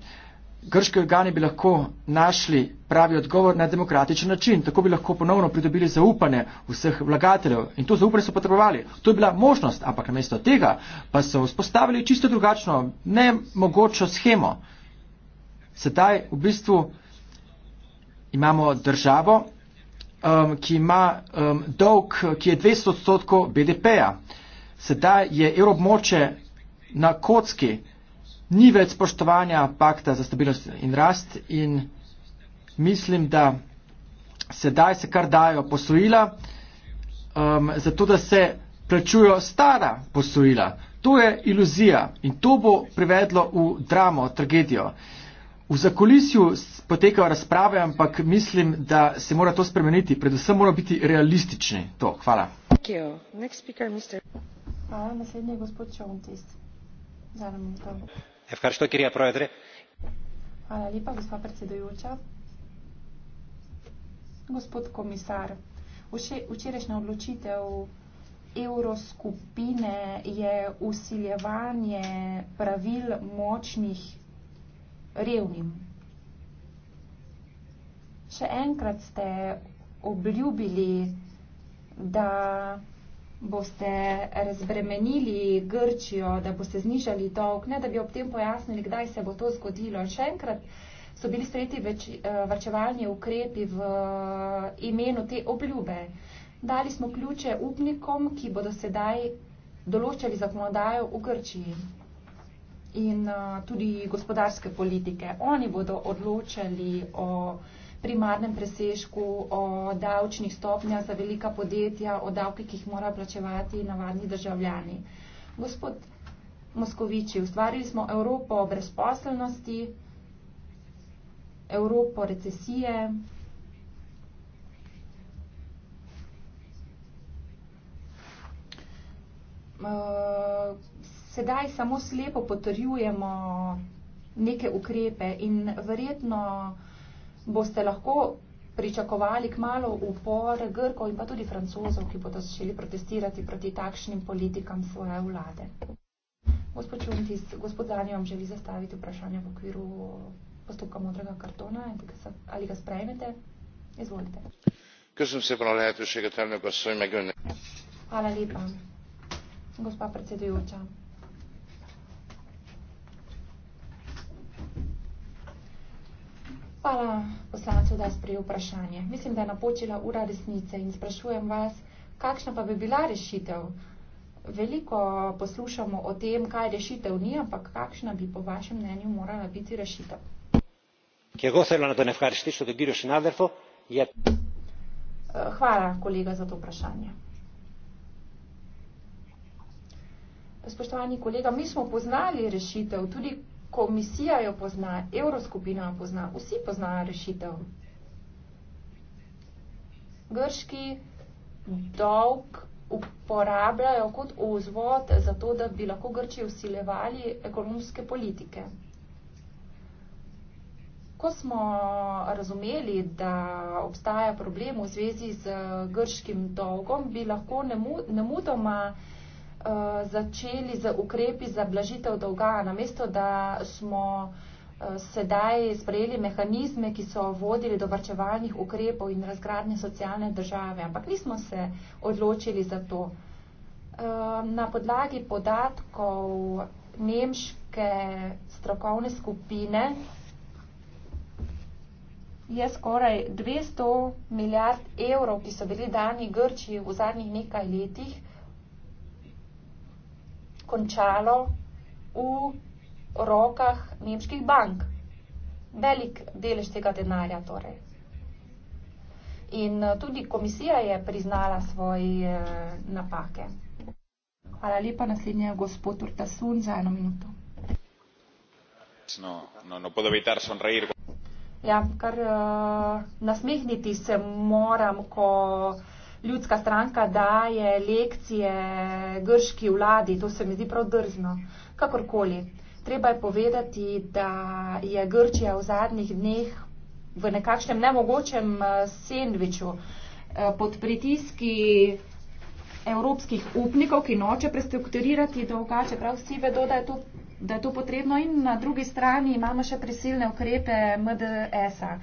Grški organi bi lahko našli pravi odgovor na demokratičen način, tako bi lahko ponovno pridobili zaupanje vseh vlagateljev in to zaupanje so potrebovali. To je bila možnost, ampak namesto tega pa so vzpostavili čisto drugačno, nemogočo schemo. Sedaj v bistvu imamo državo, um, ki ima um, dolg, ki je 200 odstotkov BDP-ja. Sedaj je evroobmoče na kocki, ni več spoštovanja pakta za stabilnost in rast in mislim, da sedaj se kar dajo posojila, um, zato da se plačujo stara posojila. To je iluzija in to bo privedlo v dramo, tragedijo. Uh, V zakolisju potekajo razprave, ampak mislim, da se mora to spremeniti. Predvsem moramo biti realistični. To, hvala. Speaker, Mr. Hvala, naslednji je gospod Čovntist. Hvala lepa, gospod predsedujoča. Gospod komisar, včerajšnja odločitev evroskupine je usiljevanje pravil močnih revnim. Še enkrat ste obljubili, da boste razbremenili Grčijo, da boste znižali dolg, ne da bi ob tem pojasnili, kdaj se bo to zgodilo. Še enkrat so bili sprejeti eh, varčevalni ukrepi v eh, imenu te obljube. Dali smo ključe upnikom, ki bodo sedaj določali zakonodajo v Grčiji in eh, tudi gospodarske politike. Oni bodo odločali o primarnem presežku, o davčnih stopnjah za velika podjetja, o davki, ki jih mora plačevati navadni državljani. Gospod Moskoviči, ustvarili smo Evropo brezposelnosti, Evropo recesije. Uh, sedaj samo slepo potrjujemo neke ukrepe in verjetno boste lahko pričakovali k malo upor Grkov in pa tudi Francozov, ki bodo začeli protestirati proti takšnim politikam svoje vlade. Gospod Čuntis, gospod Zani vam želi zastaviti vprašanje v okviru postopka modrega kartona, ali ga sprejmete? Izvolite. Köszönöm szépen a lehetőséget, elnök asszony, meg önnek. Hála lépa. Gospa predsedujúča, Hvala poslancu, da je sprejel vprašanje. Mislim, da je napočila ura resnice in sprašujem vas, kakšna pa bi bila rešitev? Veliko poslušamo o tem, kaj rešitev ni, ampak kakšna bi po vašem mnenju morala biti rešitev? Hvala, kolega, za to vprašanje. Spoštovani kolega, mi smo poznali rešitev, tudi komisija jo pozna, evroskupina jo pozna, vsi poznajo rešitev. Grški dolg uporabljajo kot ozvod za to, da bi lahko Grči usilevali ekonomske politike. Ko smo razumeli, da obstaja problem v zvezi z grškim dolgom, bi lahko nemudoma nemu uh, začeli z ukrepi za blažitev dolga, namesto da smo uh, sedaj sprejeli mehanizme, ki so vodili do vrčevalnih ukrepov in razgradnje socialne države, ampak nismo se odločili za to. Eh, na podlagi podatkov nemške strokovne skupine je skoraj 200 milijard evrov, ki so bili dani Grčiji v zadnjih nekaj letih, končalo v rokah nemških bank. Velik delež tega denarja torej. In eh, tudi komisija je priznala svoje eh, napake. Hvala lepa, naslednja je gospod Urtasun za eno minuto. No, no, no puedo evitar sonreír. Ja, kar uh, nasmehniti se moram, ko ljudska stranka daje lekcije grški vladi. To se mi zdi prav drzno. Kakorkoli. Treba je povedati, da je Grčija v zadnjih dneh v nekakšnem nemogočem eh, sendviču eh, pod pritiski evropskih upnikov, ki noče prestrukturirati dolga, čeprav vsi vedo, da je to, da je to potrebno in na drugi strani imamo še prisilne ukrepe MDS-a.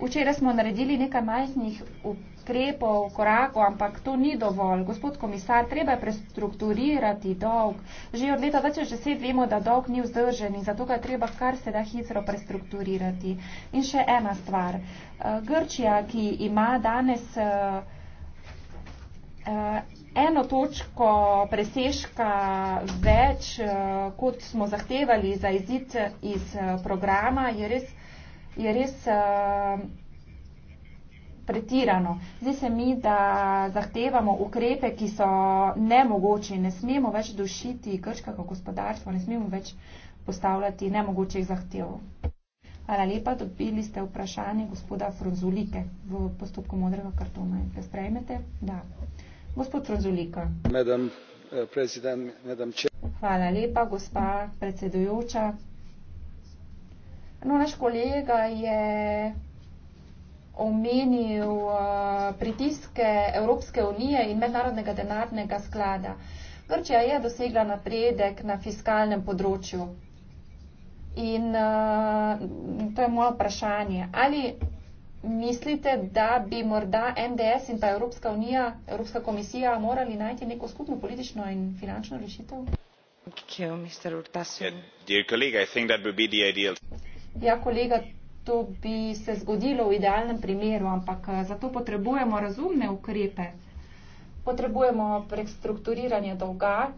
Včeraj smo naredili nekaj majhnih ukrepov, korakov, ampak to ni dovolj. Gospod komisar, treba je prestrukturirati dolg. Že od leta 2010 vemo, da dolg ni vzdržen in zato ga je treba kar se da hitro prestrukturirati. In še ena stvar. Eh, Grčija, ki ima danes eh, eh, eno točko presežka več, kot smo zahtevali za izid iz programa, je res je res uh, pretirano. Zdi se mi, da zahtevamo ukrepe, ki so nemogoče. Ne smemo več dušiti krškega gospodarstva, ne smemo več postavljati nemogočih zahtev. Hvala lepa, dobili ste vprašanje gospoda Fronzulike v postopku modrega kartona. Ga sprejmete? Da. Gospod Fronzulika. Madam, uh, madam Hvala lepa, gospa predsedujoča. No, naš kolega je omenil uh, pritiske Evropske unije in mednarodnega denarnega sklada. Grčija je dosegla napredek na fiskalnem področju. In uh, to je moje vprašanje. Ali mislite, da bi morda MDS in ta Evropska unija, Evropska komisija morali najti neko skupno politično in finančno rešitev? Thank you, Mr. Urtasun. Yeah, dear colleague, I think that would be the ideal. Ja, kolega, to bi se zgodilo v idealnem primeru, ampak eh, zato potrebujemo razumne ukrepe. Potrebujemo prestrukturiranje dolga,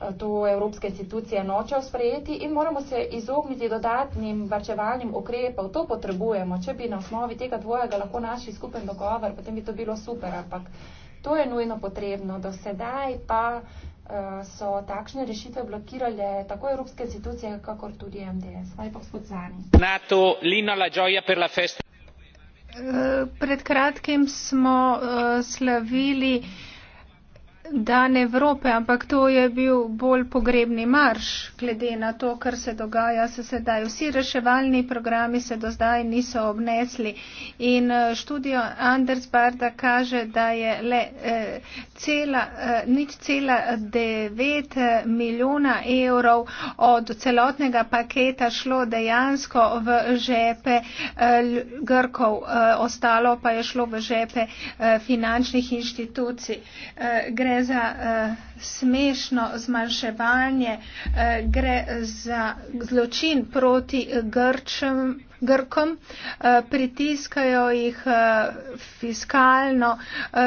eh, to evropske institucije nočejo sprejeti in moramo se izogniti dodatnim varčevalnim ukrepom. To potrebujemo. Če bi na osnovi tega dvojega lahko našli skupen dogovor, potem bi to bilo super, ampak to je nujno potrebno. Do sedaj pa so takšne rešitve blokirale tako evropske institucije kakor tudi MDS. Eh, pred kratkim smo eh, slavili dan Evrope, ampak to je bil bolj pogrebni marš, glede na to, kar se dogaja se sedaj. Vsi reševalni programi se do zdaj niso obnesli in eh, študijo Anders Barda kaže, da je le eh, cela, eh, nič cela devet milijona evrov od celotnega paketa šlo dejansko v žepe Grkov, ostalo pa je šlo v žepe finančnih inštitucij. Gre za uh, smešno zmanjševanje, uh, gre za zločin proti Grčem, Grkom, uh, pritiskajo jih uh, fiskalno, uh,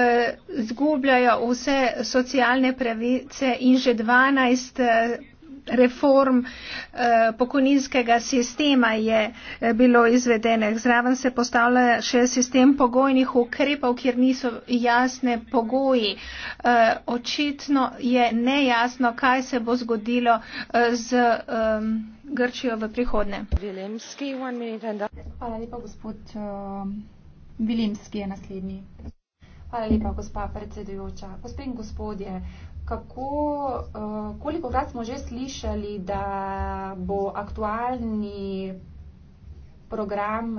zgubljajo vse socialne pravice in že 12. Uh, reform eh, pokojninskega sistema je eh, bilo izvedenih. Zraven se postavlja še sistem pogojnih ukrepov, kjer niso jasne pogoji. Eh, očitno je nejasno, kaj se bo zgodilo z ehm, Grčijo v prihodnje. Hvala lepa, gospod ehm, Vilimski je naslednji. Hvala lepa, gospa predsedujoča. Gospod in gospodje, kako, eh, koliko krat smo že slišali, da bo aktualni program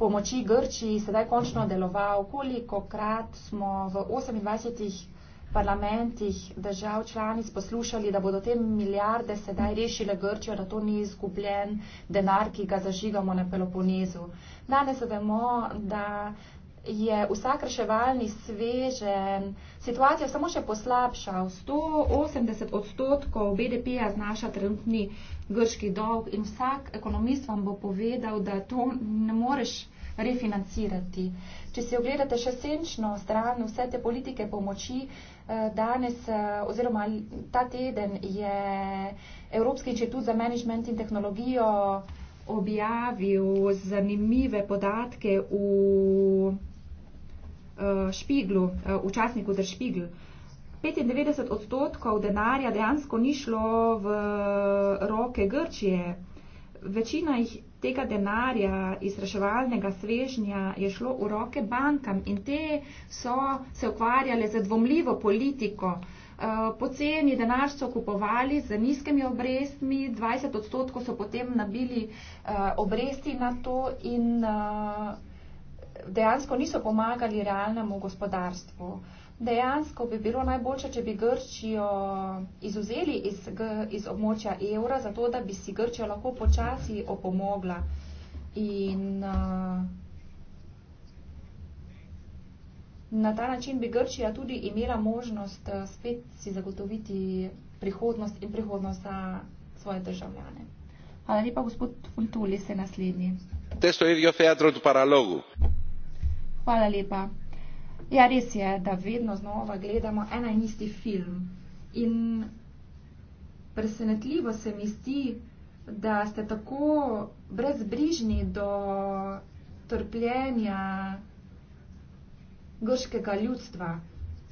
pomoči Grčiji sedaj končno deloval, koliko krat smo v 28 parlamentih držav članic poslušali, da bodo te milijarde sedaj rešile Grčijo, da to ni izgubljen denar, ki ga zažigamo na Peloponezu. Danes vemo, da je vsak reševalni svežen situacijo samo še poslabšal. 180 odstotkov BDP-ja znaša trenutni grški dolg in vsak ekonomist vam bo povedal, da to ne moreš refinancirati. Če si ogledate še senčno stran vse te politike pomoči, eh, danes eh, oziroma ta teden je Evropski inštitut za management in tehnologijo objavil zanimive podatke v Eh, špiglu, v eh, časniku Der Špigl. 95 odstotkov denarja dejansko ni šlo v roke Grčije. Večina jih tega denarja iz reševalnega svežnja je šlo v roke bankam in te so se ukvarjale z dvomljivo politiko. Eh, poceni denar so kupovali z nizkimi obrestmi, 20 odstotkov so potem nabili obresti na to in dejansko niso pomagali realnemu gospodarstvu. Dejansko bi bilo najboljše, če bi Grčijo izuzeli iz, iz območja evra, zato da bi si Grčija lahko počasi opomogla. In uh, na ta način bi Grčija tudi imela možnost uh, spet si zagotoviti prihodnost in prihodnost za svoje državljane. Hvala lepa, gospod Fultuli, se naslednji. Testo je jo teatro tu paralogu. Hvala lepa. Ja, res je, da vedno znova gledamo en in isti film. In presenetljivo se mi zdi, da ste tako brezbrižni do trpljenja grškega ljudstva.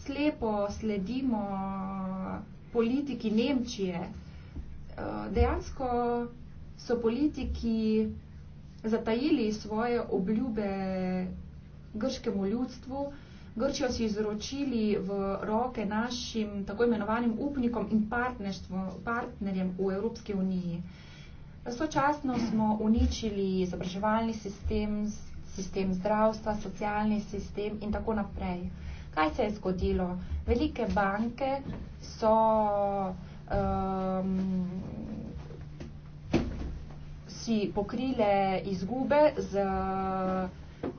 Slepo sledimo politiki Nemčije. Eh, dejansko so politiki zatajili svoje obljube grškemu ljudstvu. Grčijo si izročili v roke našim tako imenovanim upnikom in partnerjem v Evropski uniji. Sočasno smo uničili izobraževalni sistem, sistem zdravstva, socialni sistem in tako naprej. Kaj se je zgodilo? Velike banke so, um, si pokrile izgube z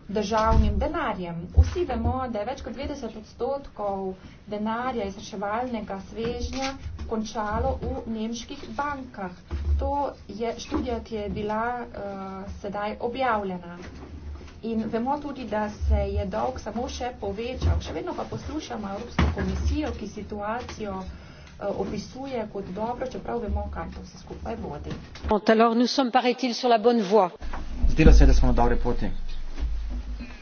državnim denarjem. Vsi vemo, da je več kot 20 odstotkov denarja iz reševalnega svežnja končalo v nemških bankah. To je študija, ki je bila uh, sedaj objavljena. In vemo tudi, da se je dolg samo še povečal. Še vedno pa poslušamo Evropsko komisijo, ki situacijo eh, opisuje kot dobro, čeprav vemo, kam to se skupaj vodi. Zdela se, da smo na dobri poti.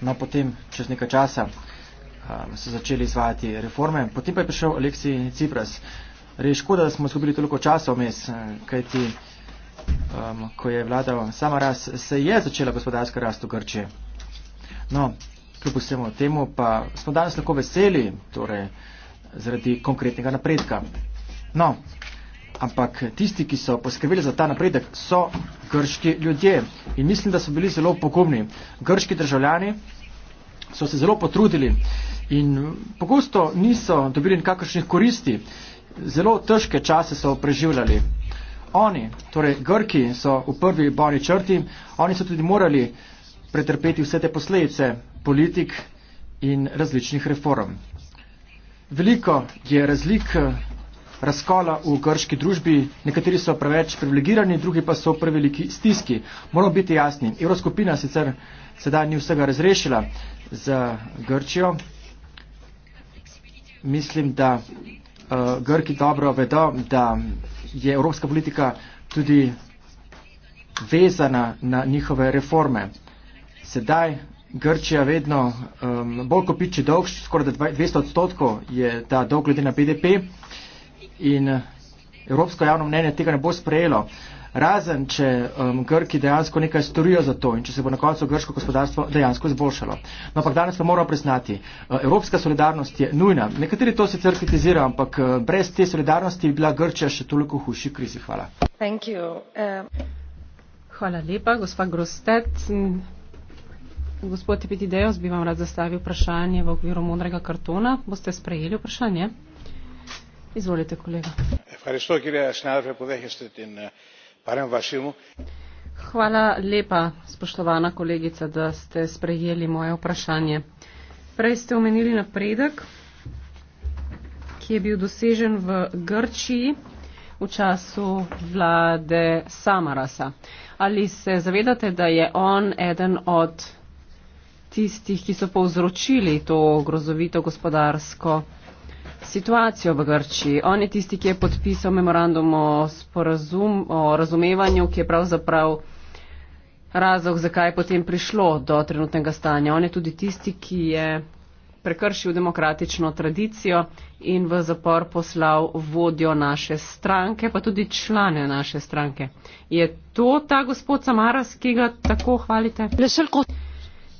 No, potem, čez nekaj časa, um, so začeli izvajati reforme. Potem pa je prišel Aleksij Cipras. Res škoda, da smo izgubili toliko časa vmes, eh, kajti, um, ko je vladal sama rast, se je začela gospodarska rast v Grčiji. No, kljub vsemu temu, pa smo danes lahko veseli, torej, zaradi konkretnega napredka. No, ampak tisti, ki so poskrbeli za ta napredek, so grški ljudje. In mislim, da so bili zelo pogumni. Grški državljani so se zelo potrudili in pogosto niso dobili nikakršnih koristi. Zelo težke čase so preživljali. Oni, torej Grki, so v prvi bojni črti, oni so tudi morali pretrpeti vse te posledice politik in različnih reform. Veliko je razlik razkola v grški družbi. Nekateri so preveč privilegirani, drugi pa so v preveliki stiski. Moramo biti jasni, evroskupina sicer sedaj ni vsega razrešila za Grčijo. Mislim, da uh, Grki dobro vedo, da je evropska politika tudi vezana na njihove reforme. Sedaj Grčija vedno um, bolj kopiči dolg, skoraj 200 odstotkov je ta dolg glede na BDP. Uh, in eh, evropsko javno mnenje tega ne bo sprejelo. Razen, če um, Grki dejansko nekaj storijo za to in če se bo na koncu grško gospodarstvo dejansko izboljšalo. No, ampak danes pa moramo priznati, eh, evropska solidarnost je nujna. Nekateri to sicer kritizirajo, ampak eh, brez te solidarnosti bi bila Grčija še toliko v hujši krizi. Hvala. Um... Hvala lepa, gospa Grostet. Gospod Epitideos, bi vam rad zastavil vprašanje v okviru modrega kartona. Boste sprejeli vprašanje? izvolite kolega farjasova ker je schnabel povedal in parem vašemu hvala lepa spoštovana kolegica da ste sprejeli moje vprašanje prej ste omenili napredek ki je bil dosežen v grčiji v času vlade samarasa ali se zavedate da je on eden od tistih ki so povzročili to grozovito gospodarsko situacijo v Grčiji. On je tisti, ki je podpisal memorandum o, sporazum, o razumevanju, ki je pravzaprav razlog, zakaj je potem prišlo do trenutnega stanja. On je tudi tisti, ki je prekršil demokratično tradicijo in v zapor poslal vodjo naše stranke, pa tudi člane naše stranke. Je to ta gospod Samaras, ki ga tako hvalite?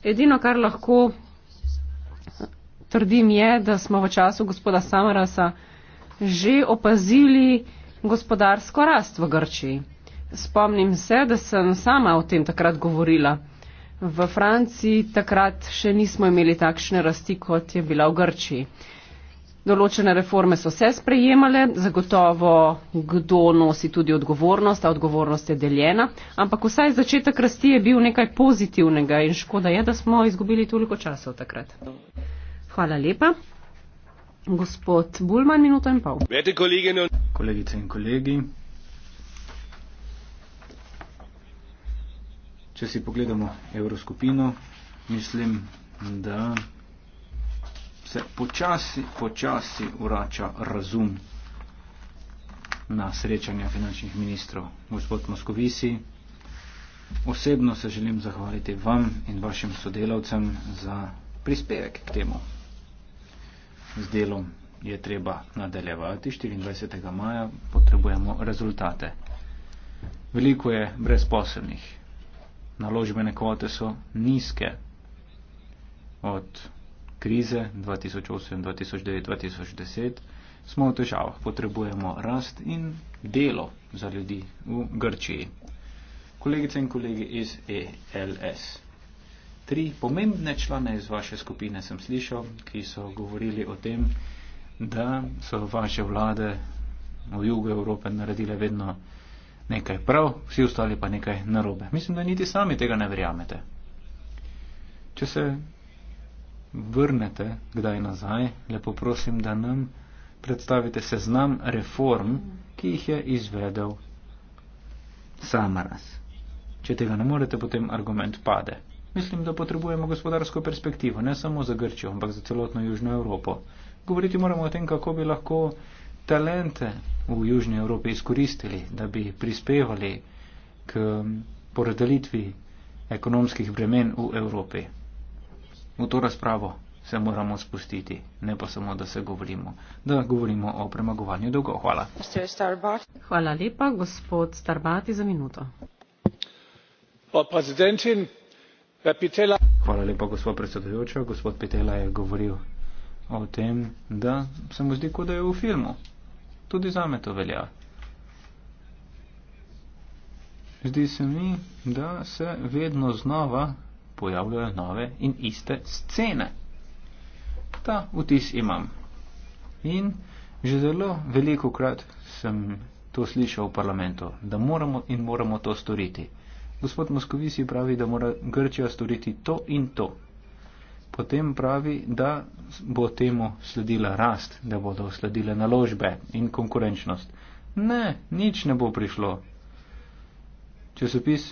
Edino, kar lahko trdim je, da smo v času gospoda Samarasa že opazili gospodarsko rast v Grčiji. Spomnim se, da sem sama o tem takrat govorila. V Franciji takrat še nismo imeli takšne rasti, kot je bila v Grčiji. Določene reforme so se sprejemale, zagotovo kdo nosi tudi odgovornost, ta odgovornost je deljena, ampak vsaj začetek rasti je bil nekaj pozitivnega in škoda je, da smo izgubili toliko časa od takrat. Hvala lepa. Gospod Bulman, minuto in pol. Vete kolegine. Kolegice in kolegi. Če si pogledamo evroskupino, mislim, da se počasi, počasi vrača razum na srečanja finančnih ministrov. Gospod Moskovisi, osebno se želim zahvaliti vam in vašim sodelavcem za prispevek k temu, z delom je treba nadaljevati. 24. maja potrebujemo rezultate. Veliko je brezposobnih. Naložbene kvote so nizke. Od krize 2008, 2009, 2010 smo v težavah. Potrebujemo rast in delo za ljudi v Grčiji. Kolegice in kolegi iz ELS tri pomembne člane iz vaše skupine sem slišal, ki so govorili o tem, da so vaše vlade v jugu Evrope naredile vedno nekaj prav, vsi ostali pa nekaj narobe. Mislim, da niti sami tega ne verjamete. Če se vrnete kdaj nazaj, lepo prosim, da nam predstavite seznam reform, ki jih je izvedel Samaras. Če tega ne morete, potem argument pade. Mislim, da potrebujemo gospodarsko perspektivo, ne samo za Grčijo, ampak za celotno Južno Evropo. Govoriti moramo o tem, kako bi lahko talente v Južni Evropi izkoristili, da bi prispevali k porodelitvi ekonomskih bremen v Evropi. V to razpravo se moramo spustiti, ne pa samo, da se govorimo, da govorimo o premagovanju dolgov. Hvala. Hvala lepa, gospod Starbati, za minuto. Pa, Hvala lepa, gospod predsedujoča. Gospod Pitela je govoril o tem, da se mu zdi, kot da je v filmu. Tudi za me to velja. Zdi se mi, da se vedno znova pojavljajo nove in iste scene. Ta vtis imam. In že zelo veliko krat sem to slišal v parlamentu, da moramo in moramo to storiti. Gospod Moskovici pravi, da mora Grčija storiti to in to. Potem pravi, da bo temu sledila rast, da bodo sledile naložbe in konkurenčnost. Ne, nič ne bo prišlo. Časopis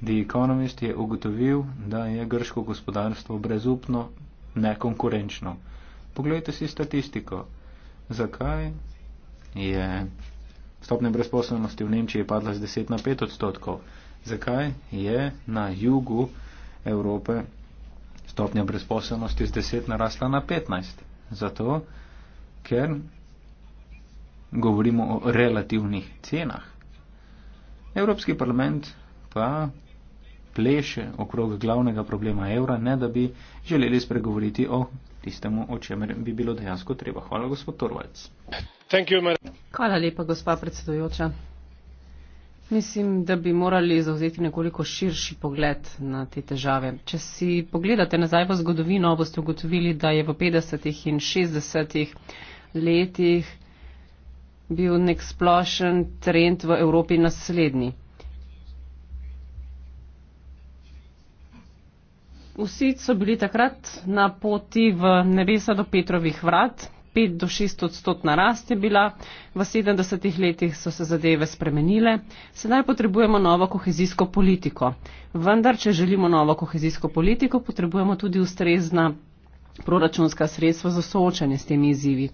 The Economist je ugotovil, da je grško gospodarstvo brezupno nekonkurenčno. Poglejte si statistiko. Zakaj je stopnja brezposobnosti v Nemčiji padla z 10 na 5 odstotkov? Zakaj je na jugu Evrope stopnja brezposobnosti z 10 narasla na 15? Zato, ker govorimo o relativnih cenah. Evropski parlament pa pleše okrog glavnega problema evra, ne da bi želeli spregovoriti o tistemu, o čemer bi bilo dejansko treba. Hvala, gospod Torvalc. Hvala lepa, gospa predsedujoča. Mislim, da bi morali zauzeti nekoliko širši pogled na te težave. Če si pogledate nazaj v zgodovino, boste ugotovili, da je v 50-ih in 60-ih letih bil nek splošen trend v Evropi naslednji. Vsi so bili takrat na poti v nebesa do Petrovih vrat. 5 do 6 odstotna rast je bila, v 70 letih so se zadeve spremenile, sedaj potrebujemo novo kohezijsko politiko. Vendar, če želimo novo kohezijsko politiko, potrebujemo tudi ustrezna proračunska sredstva za soočanje s temi izzivi.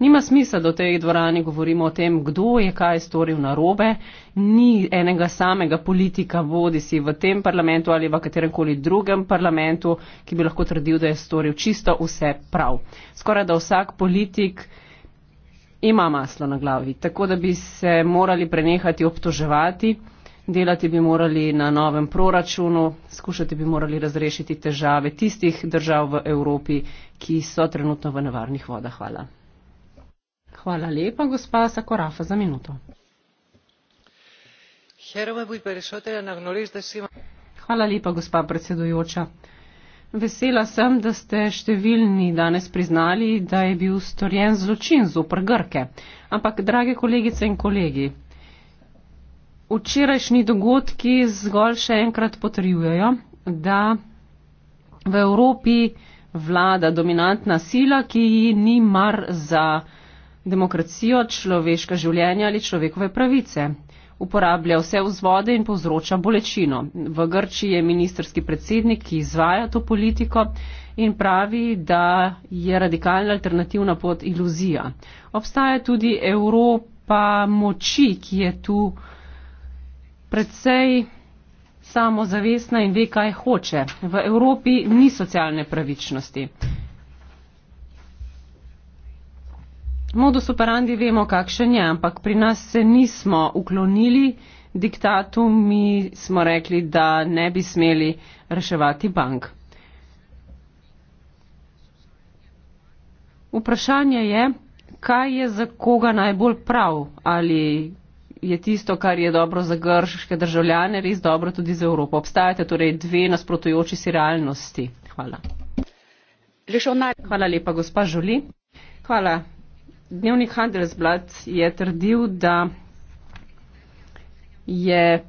Nima smisla, da v tej dvorani govorimo o tem, kdo je kaj storil narobe. Ni enega samega politika, vodi si v tem parlamentu ali v katerem koli drugem parlamentu, ki bi lahko trdil, da je storil čisto vse prav. Skoraj da vsak politik ima maslo na glavi. Tako da bi se morali prenehati obtoževati delati bi morali na novem proračunu, skušati bi morali razrešiti težave tistih držav v Evropi, ki so trenutno v nevarnih vodah. Hvala. Hvala lepa, gospa Sakorafa, za minuto. Hvala lepa, gospa predsedujoča. Vesela sem, da ste številni danes priznali, da je bil storjen zločin zoper Grke. Ampak, drage kolegice in kolegi, včerajšnji dogodki zgolj še enkrat potrjujejo, da v Evropi vlada dominantna sila, ki ji ni mar za demokracijo, človeška življenja ali človekove pravice. Uporablja vse vzvode in povzroča bolečino. V Grčiji je ministerski predsednik, ki izvaja to politiko in pravi, da je radikalna alternativna pot iluzija. Obstaja tudi Evropa moči, ki je tu predvsej samozavestna in ve, kaj hoče. V Evropi ni socialne pravičnosti. Modus operandi vemo, kakšen je, ampak pri nas se nismo uklonili diktatu, mi smo rekli, da ne bi smeli reševati bank. Vprašanje je, kaj je za koga najbolj prav ali je tisto, kar je dobro za grške državljane, res dobro tudi za Evropo. Obstajate torej dve nasprotujoči si realnosti. Hvala. Hvala lepa, gospa Žuli. Hvala. Dnevnik Handelsblad je trdil, da je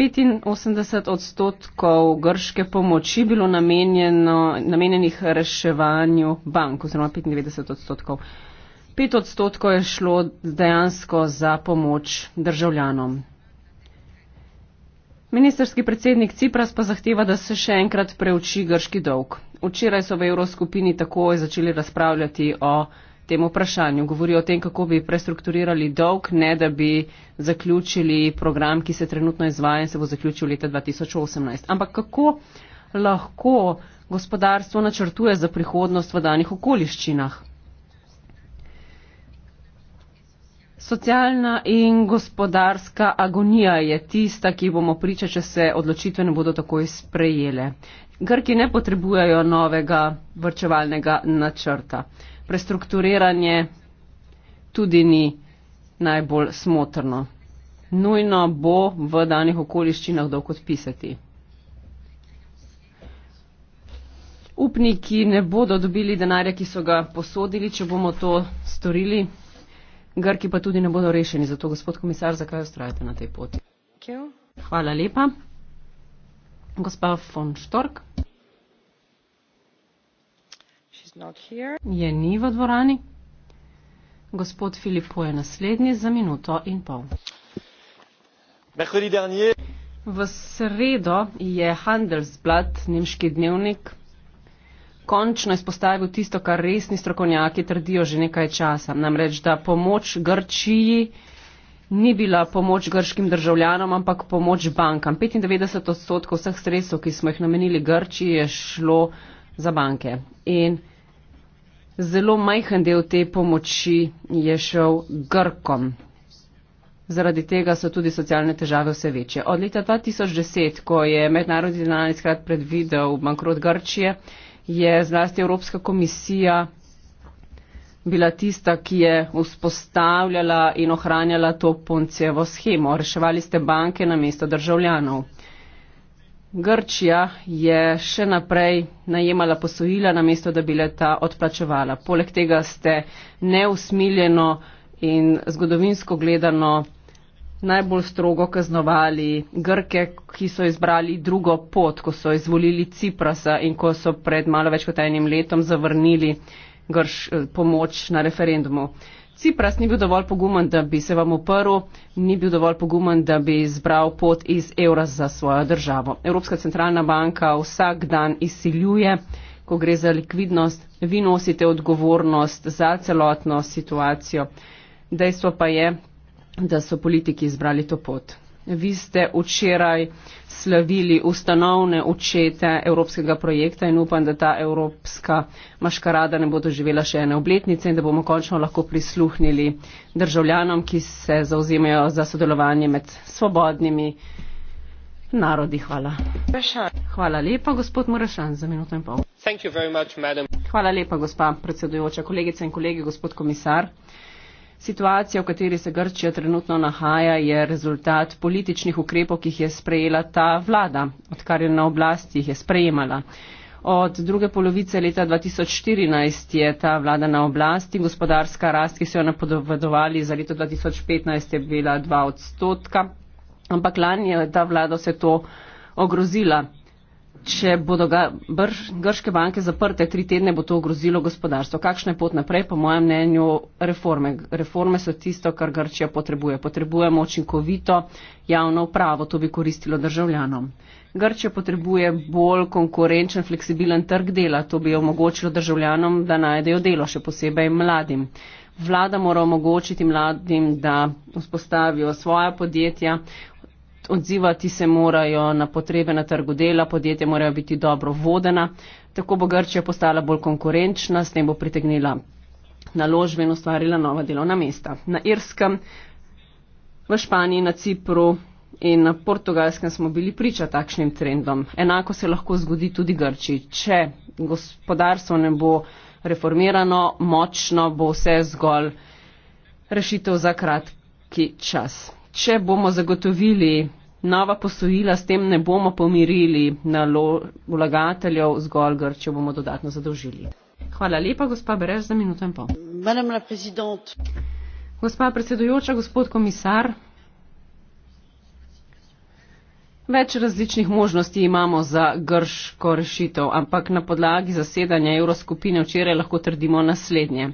85 odstotkov grške pomoči bilo namenjenih reševanju bank, oziroma 95 odstotkov pet odstotkov je šlo dejansko za pomoč državljanom. Ministerski predsednik Cipras pa zahteva, da se še enkrat preuči grški dolg. Včeraj so v evroskupini takoj začeli razpravljati o tem vprašanju. Govorijo o tem, kako bi prestrukturirali dolg, ne da bi zaključili program, ki se trenutno izvaja in se bo zaključil leta 2018. Ampak kako lahko gospodarstvo načrtuje za prihodnost v danih okoliščinah? Socialna in gospodarska agonija je tista, ki bomo priča, če se odločitve ne bodo takoj sprejele. Grki ne potrebujejo novega vrčevalnega načrta. Prestrukturiranje tudi ni najbolj smotrno. Nujno bo v danih okoliščinah dolg odpisati. Upniki ne bodo dobili denarja, ki so ga posodili, če bomo to storili, Grki pa tudi ne bodo rešeni. Zato, gospod komisar, zakaj ustrajate na tej poti? Hvala lepa. Gospa von Štork. Je ni v dvorani. Gospod Filipo je naslednji za minuto in pol. V sredo je Handelsblatt, nemški dnevnik, končno izpostavil tisto, kar resni strokovnjaki trdijo že nekaj časa. Namreč, da pomoč Grčiji ni bila pomoč grškim državljanom, ampak pomoč bankam. 95 odstotkov vseh sredstev, ki smo jih namenili Grčiji, je šlo za banke. In zelo majhen del te pomoči je šel Grkom. Zaradi tega so tudi socialne težave vse večje. Od leta 2010, ko je mednarodni denarni sklad predvidel bankrot Grčije, je zlasti Evropska komisija bila tista, ki je vzpostavljala in ohranjala to poncevo schemo. Reševali ste banke na mesto državljanov. Grčija je še naprej najemala posojila na mesto, da bi leta odplačevala. Poleg tega ste neusmiljeno in zgodovinsko gledano najbolj strogo kaznovali Grke, ki so izbrali drugo pot, ko so izvolili Ciprasa in ko so pred malo več kot enim letom zavrnili Grš, eh, pomoč na referendumu. Cipras ni bil dovolj pogumen, da bi se vam uprl, ni bil dovolj pogumen, da bi izbral pot iz evra za svojo državo. Evropska centralna banka vsak dan izsiljuje, ko gre za likvidnost, vi nosite odgovornost za celotno situacijo. Dejstvo pa je, da so politiki izbrali to pot. Vi ste včeraj slavili ustanovne očete evropskega projekta in upam, da ta evropska maškarada ne bo doživela še ene obletnice in da bomo končno lahko prisluhnili državljanom, ki se zauzemajo za sodelovanje med svobodnimi narodi. Hvala. Hvala lepa, gospod Murašan, za minuto in pol. Much, Hvala lepa, gospa predsedujoča, kolegice in kolege, gospod komisar. Situacija, v kateri se Grčija trenutno nahaja, je rezultat političnih ukrepov, ki jih je sprejela ta vlada, odkar je na oblasti jih je sprejemala. Od druge polovice leta 2014 je ta vlada na oblasti, gospodarska rast, ki so jo napovedovali za leto 2015, je bila 2 odstotka, ampak lani je ta vlada se to ogrozila če bodo ga br, grške banke zaprte tri tedne, bo to ogrozilo gospodarstvo. Kakšna je pot naprej? Po mojem mnenju reforme. Reforme so tisto, kar Grčija potrebuje. Potrebujemo očinkovito javno upravo, to bi koristilo državljanom. Grčija potrebuje bolj konkurenčen, fleksibilen trg dela, to bi omogočilo državljanom, da najdejo delo, še posebej mladim. Vlada mora omogočiti mladim, da vzpostavijo svoja podjetja, odzivati se morajo na potrebe na trgu dela, podjetja morajo biti dobro vodena. Tako bo Grčija postala bolj konkurenčna, s tem bo pritegnila naložbe in ustvarila nova delovna mesta. Na Irskem, v Španiji, na Cipru in na Portugalskem smo bili priča takšnim trendom. Enako se lahko zgodi tudi Grčiji. Če gospodarstvo ne bo reformirano, močno bo vse zgolj rešitev za kratki čas. Če bomo zagotovili nova posojila s tem ne bomo pomirili na vlagateljev zgolj Grčijo bomo dodatno zadolžili. Hvala lepa, gospa Berez, za minuto in pol. Gospa predsedujoča, gospod komisar. Več različnih možnosti imamo za grško rešitev, ampak na podlagi zasedanja Evroskupine včeraj lahko trdimo naslednje.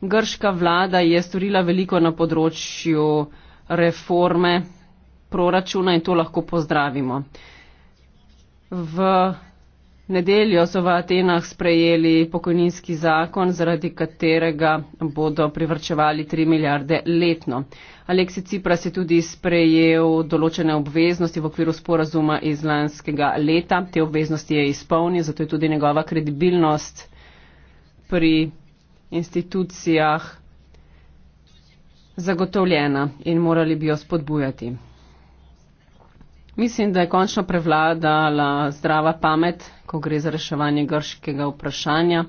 Grška vlada je storila veliko na področju reforme proračuna in to lahko pozdravimo. V nedeljo so v Atenah sprejeli pokojninski zakon, zaradi katerega bodo privrčevali 3 milijarde letno. Aleksi Cipras je tudi sprejel določene obveznosti v okviru sporazuma iz lanskega leta. Te obveznosti je izpolnil, zato je tudi njegova kredibilnost pri institucijah zagotovljena in morali bi jo spodbujati. Mislim, da je končno prevladala zdrava pamet, ko gre za reševanje grškega vprašanja.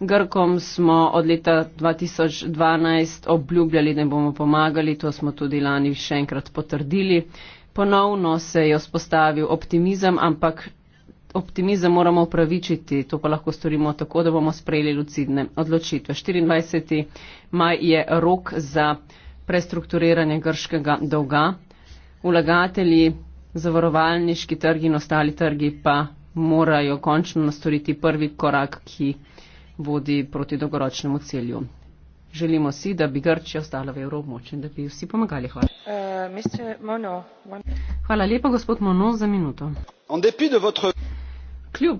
Grkom smo od leta 2012 obljubljali, da jim bomo pomagali, to smo tudi lani še enkrat potrdili. Ponovno se je vzpostavil optimizem, ampak optimizem moramo upravičiti, to pa lahko storimo tako, da bomo sprejeli lucidne odločitve. 24. maj je rok za prestrukturiranje grškega dolga. Vlagatelji zavarovalniški trgi in ostali trgi pa morajo končno nastoriti prvi korak, ki vodi proti dolgoročnemu celju. Želimo si, da bi Grčija ostala v evroobmočju in da bi vsi pomagali. Hvala. Eh, Hvala lepa, gospod Mono, za minuto. Kljub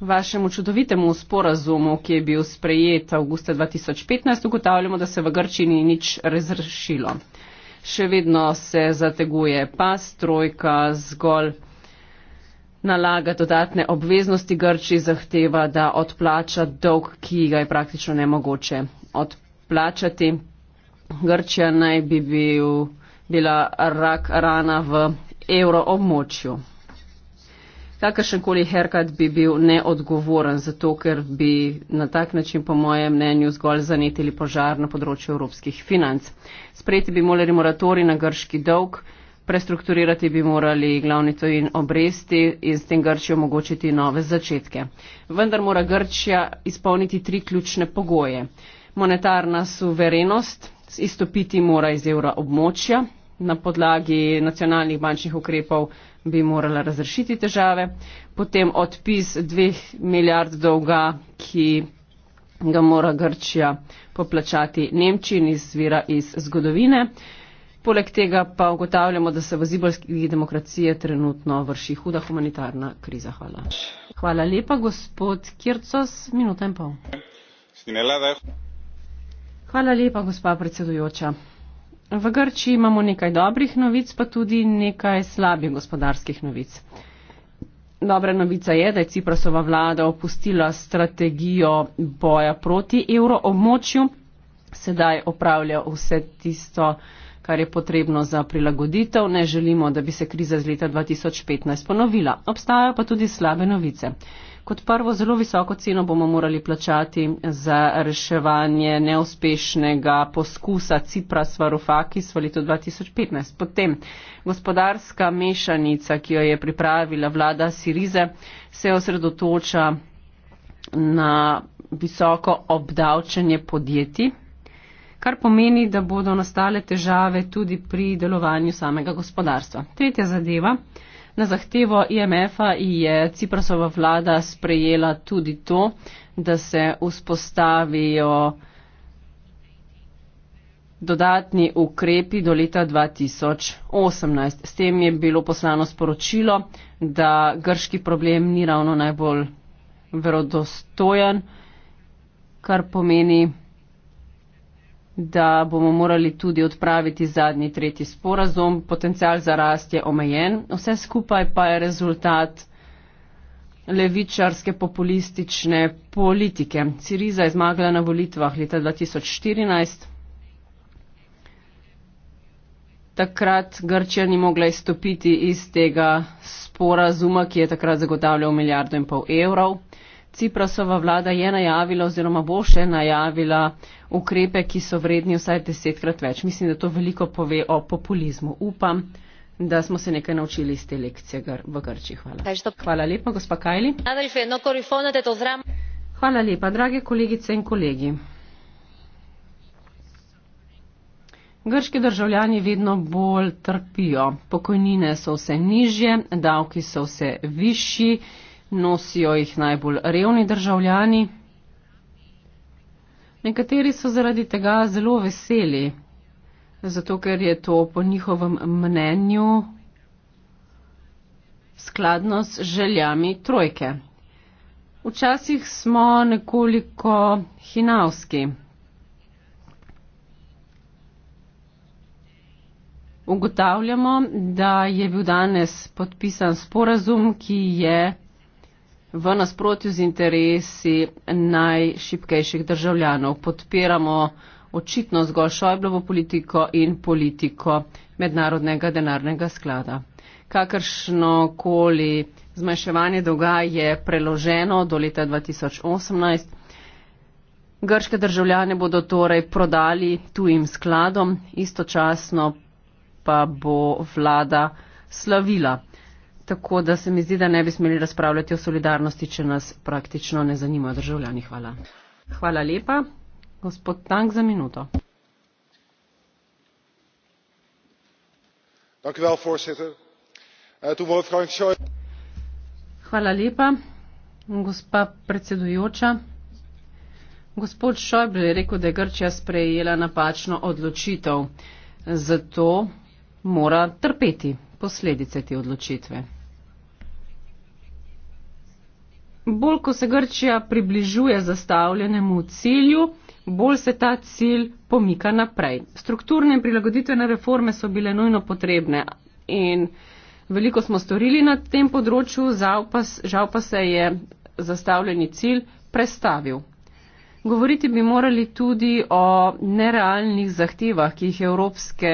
vašemu čudovitemu sporazumu, ki je bil sprejet avgusta 2015, ugotavljamo, da se v Grčiji ni nič razrešilo še vedno se zateguje pas, trojka zgolj nalaga dodatne obveznosti Grči, zahteva, da odplača dolg, ki ga je praktično nemogoče odplačati. Grčija naj bi bil, bila rak rana v evroobmočju. Kakršen koli herkat bi bil neodgovoren, zato ker bi na tak način, po mojem mnenju, zgolj zanetili požar na področju evropskih financ. Sprejeti bi morali moratori na grški dolg, prestrukturirati bi morali glavnico in obresti in s tem Grčijo omogočiti nove začetke. Vendar mora Grčija izpolniti tri ključne pogoje. Monetarna suverenost, izstopiti mora iz evra območja, na podlagi nacionalnih bančnih ukrepov bi morala razrešiti težave. Potem odpis dveh milijard dolga, ki ga mora Grčija poplačati Nemčiji in izvira iz zgodovine. Poleg tega pa ugotavljamo, da se v zibalski demokraciji trenutno vrši huda humanitarna kriza. Hvala. Hvala lepa, gospod Kircos, minuta in pol. Hvala lepa, gospa predsedujoča. V Grči imamo nekaj dobrih novic, pa tudi nekaj slabih gospodarskih novic. Dobra novica je, da je Ciprasova vlada opustila strategijo boja proti evro območju, sedaj opravlja vse tisto, kar je potrebno za prilagoditev. Ne želimo, da bi se kriza z leta 2015 ponovila. Obstajajo pa tudi slabe novice. Kot prvo, zelo visoko ceno bomo morali plačati za reševanje neuspešnega poskusa Cipra Svarofakis v letu 2015. Potem gospodarska mešanica, ki jo je pripravila vlada Sirize, se osredotoča na visoko obdavčenje podjetij, kar pomeni, da bodo nastale težave tudi pri delovanju samega gospodarstva. Tretja zadeva. Na zahtevo IMF-a e je Ciprasova vlada sprejela tudi to, da se vzpostavijo dodatni ukrepi do leta 2018. S tem je bilo poslano sporočilo, da grški problem ni ravno najbolj verodostojen, kar pomeni, da bomo morali tudi odpraviti zadnji tretji sporazum. Potencial za rast je omejen. Vse skupaj pa je rezultat levičarske populistične politike. Siriza je zmagala na volitvah leta 2014. Takrat Grčija ni mogla izstopiti iz tega sporazuma, ki je takrat zagotavljal milijardo in pol evrov. Ciprasova vlada je najavila oziroma bo še najavila ukrepe, ki so vredni vsaj desetkrat več. Mislim, da to veliko pove o populizmu. Upam, da smo se nekaj naučili iz te lekcije v Grči. Hvala. Hvala lepa, gospa Kajli. No, Hvala lepa, drage kolegice in kolegi. Grški državljani vedno bolj trpijo. Pokojnine so vse nižje, davki so vse višji nosijo jih najbolj revni državljani. Nekateri so zaradi tega zelo veseli, zato ker je to po njihovem mnenju skladno s željami trojke. Včasih smo nekoliko hinavski. Ugotavljamo, da je bil danes podpisan sporazum, ki je v nasprotju z interesi najšipkejših državljanov. Podpiramo očitno zgolj Šojblovo politiko in politiko mednarodnega denarnega sklada. Kakršno koli zmanjševanje dolga je preloženo do leta 2018. Grške državljane bodo torej prodali tujim skladom, istočasno pa bo vlada slavila. Tako da se mi zdi, da ne bi smeli razpravljati o solidarnosti, če nas praktično ne zanimajo državljani. Hvala. Hvala lepa. Gospod Tank za minuto. Eh, Hvala lepa, gospa predsedujoča. Gospod Šojbl je rekel, da je Grčija sprejela napačno odločitev, zato mora trpeti posledice te odločitve. bolj ko se Grčija približuje zastavljenemu cilju, bolj se ta cilj pomika naprej. Strukturne in prilagoditvene reforme so bile nujno potrebne in veliko smo storili na tem področju, žal pa se je zastavljeni cilj prestavil. Govoriti bi morali tudi o nerealnih zahtevah, ki jih evropske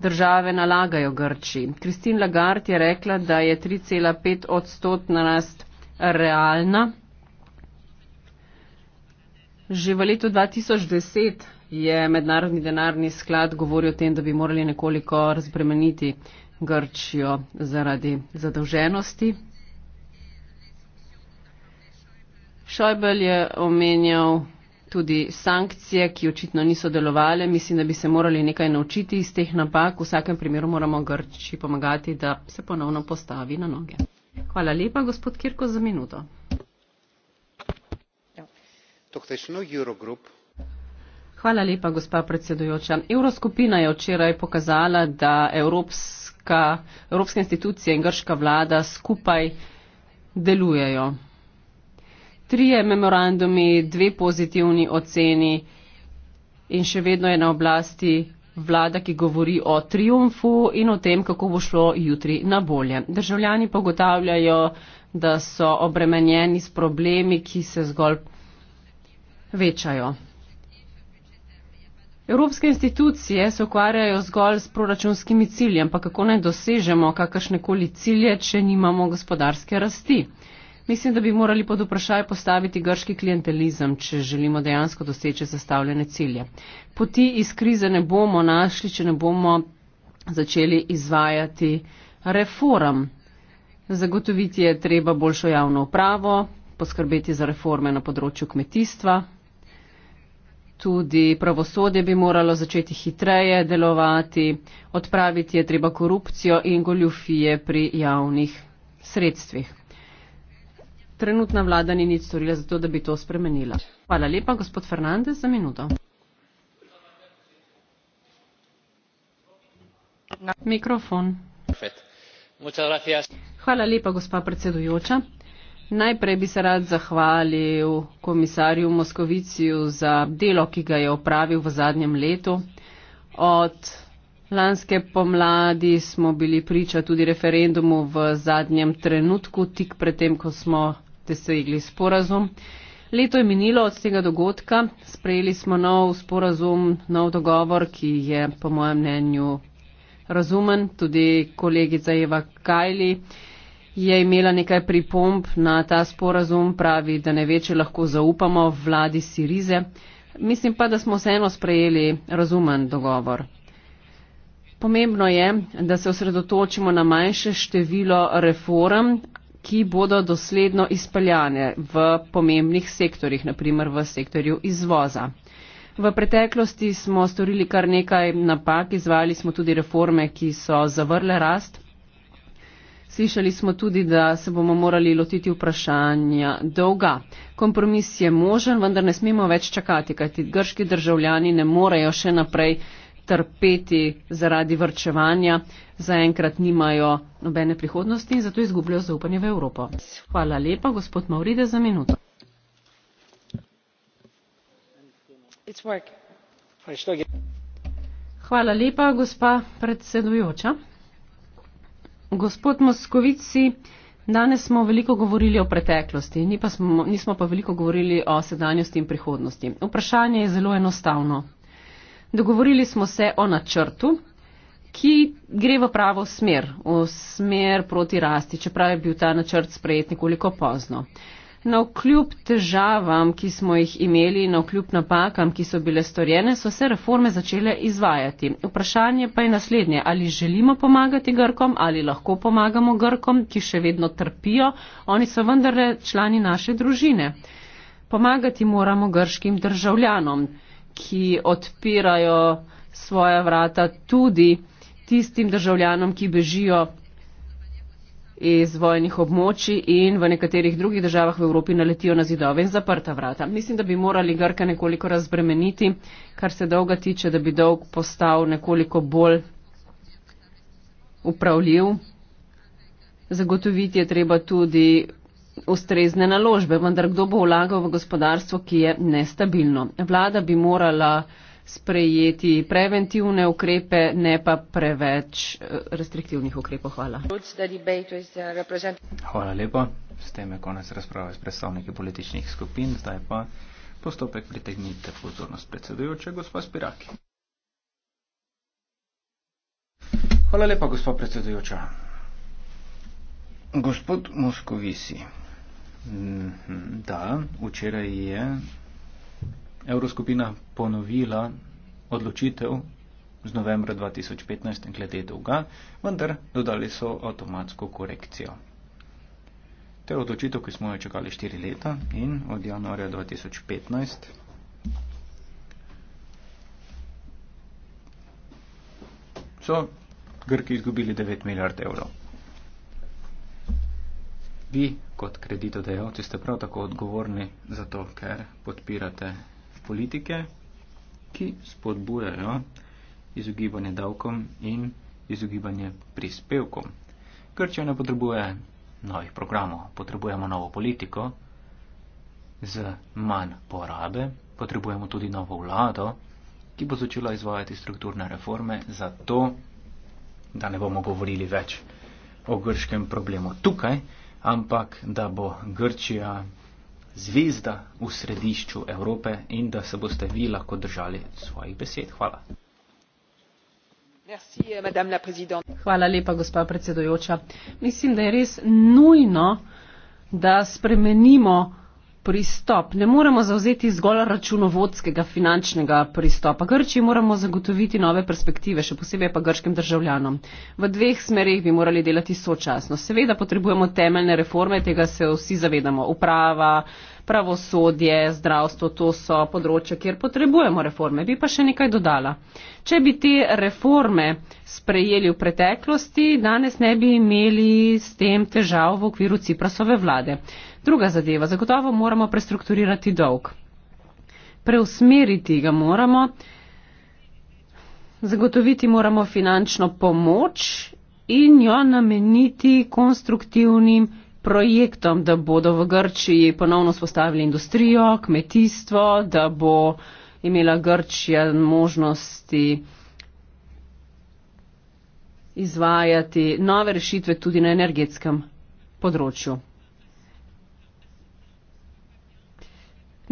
države nalagajo Grči. Kristin Lagarde je rekla, da je 3,5 odstotna rast realna. Že v letu 2010 je Mednarodni denarni sklad govoril o tem, da bi morali nekoliko razbremeniti Grčijo zaradi zadolženosti. Šojbel je omenjal tudi sankcije, ki očitno niso delovale. Mislim, da bi se morali nekaj naučiti iz teh napak. V vsakem primeru moramo Grči pomagati, da se ponovno postavi na noge. Hvala lepa, gospod Kirko, za minuto. Ja. No, Hvala lepa, gospa predsedujoča. Evroskupina je včeraj pokazala, da evropska, evropske institucije in grška vlada skupaj delujejo. Trije memorandumi, dve pozitivni oceni in še vedno je na oblasti vlada, ki govori o triumfu in o tem, kako bo šlo jutri na bolje. Državljani pogotavljajo, da so obremenjeni s problemi, ki se zgolj večajo. Evropske institucije se ukvarjajo zgolj s proračunskimi cilji, ampak kako naj dosežemo kakršnekoli cilje, če nimamo gospodarske rasti? Mislim, da bi morali pod vprašaj postaviti grški klientelizem, če želimo dejansko doseči zastavljene cilje. Poti iz krize ne bomo našli, če ne bomo začeli izvajati reform. Zagotoviti je treba boljšo javno upravo, poskrbeti za reforme na področju kmetijstva. Tudi pravosodje bi moralo začeti hitreje delovati, odpraviti je treba korupcijo in goljufije pri javnih sredstvih trenutna vlada ni nič storila za to, da bi to spremenila. Hvala lepa, gospod Fernandez, za minuto. Mikrofon. Hvala lepa, gospa predsedujoča. Najprej bi se rad zahvalil komisarju Moskoviciju za delo, ki ga je opravil v zadnjem letu. Od lanske pomladi smo bili priča tudi referendumu v zadnjem trenutku, tik pred tem, ko smo dosegli sporazum. Leto je minilo od tega dogodka, sprejeli smo nov sporazum, nov dogovor, ki je po mojem mnenju razumen. Tudi kolegica Eva Kajli je imela nekaj pripomb na ta sporazum, pravi, da ne veče lahko zaupamo vladi Sirize. Mislim pa, da smo vseeno sprejeli razumen dogovor. Pomembno je, da se osredotočimo na manjše število reform, ki bodo dosledno izpeljane v pomembnih sektorjih, naprimer v sektorju izvoza. V preteklosti smo storili kar nekaj napak, izvali smo tudi reforme, ki so zavrle rast. Slišali smo tudi, da se bomo morali lotiti vprašanja dolga. Kompromis je možen, vendar ne smemo več čakati, kajti grški državljani ne morejo še naprej trpeti zaradi vrčevanja, zaenkrat nimajo nobene prihodnosti in zato izgubljajo zaupanje v Evropo. Hvala lepa, gospod Mauride, za minuto. Hvala lepa, gospa predsedujoča. Gospod Moskovici, danes smo veliko govorili o preteklosti, ni pa smo, nismo pa veliko govorili o sedanjosti in prihodnosti. Vprašanje je zelo enostavno. Dogovorili smo se o načrtu, ki gre v pravo smer, v smer proti rasti, čeprav je bil ta načrt sprejet nekoliko pozno. Na okljub težavam, ki smo jih imeli, na okljub napakam, ki so bile storjene, so se reforme začele izvajati. Vprašanje pa je naslednje, ali želimo pomagati Grkom, ali lahko pomagamo Grkom, ki še vedno trpijo, oni so vendarle člani naše družine. Pomagati moramo grškim državljanom ki odpirajo svoja vrata tudi tistim državljanom, ki bežijo iz vojnih območij in v nekaterih drugih državah v Evropi naletijo na zidove in zaprta vrata. Mislim, da bi morali Grka nekoliko razbremeniti, kar se dolga tiče, da bi dolg postal nekoliko bolj upravljiv. Zagotoviti je treba tudi ustrezne naložbe, vendar kdo bo vlagal v gospodarstvo, ki je nestabilno. Vlada bi morala sprejeti preventivne ukrepe, ne pa preveč eh, restriktivnih ukrepov. Hvala. Hvala lepa. S tem je konec razprave s predstavniki političnih skupin. Zdaj pa postopek pritegnite pozornost predsedujoče, gospod Spiraki. Hvala lepa, gospod predsedujoča. Gospod Moskovisi. Da, včeraj je Evroskupina ponovila odločitev z novembra 2015 glede dolga, vendar dodali so avtomatsko korekcijo. To je odločitev, ki smo jo čakali 4 leta in od januarja 2015. So Grki izgubili 9 milijard evrov vi kot kreditodajalci ste prav tako odgovorni za to, ker podpirate politike, ki spodbujajo izogibanje davkom in izogibanje prispevkom. Grčija ne potrebuje novih programov, potrebujemo novo politiko z manj porabe, potrebujemo tudi novo vlado, ki bo začela izvajati strukturne reforme, zato da ne bomo govorili več o grškem problemu tukaj ampak da bo Grčija zvezda v središču Evrope in da se boste vi lahko držali svojih besed. Hvala. Eh, Hvala lepa, gospa predsedojoča. Mislim, da je res nujno, da spremenimo pristop. Ne moremo zauzeti zgolj računovodskega finančnega pristopa. Grčiji moramo zagotoviti nove perspektive, še posebej pa grškim državljanom. V dveh smerih bi morali delati sočasno. Seveda potrebujemo temeljne reforme, tega se vsi zavedamo. Uprava, pravosodje, zdravstvo, to so področja, kjer potrebujemo reforme. Bi pa še nekaj dodala. Če bi te reforme sprejeli v preteklosti, danes ne bi imeli s tem težav v okviru Ciprasove vlade. Druga zadeva, zagotovo moramo prestrukturirati dolg. Preusmeriti ga moramo, zagotoviti moramo finančno pomoč in jo nameniti konstruktivnim projektom, da bodo v Grčiji ponovno spostavili industrijo, kmetijstvo, da bo imela Grčija možnosti izvajati nove rešitve tudi na energetskem področju.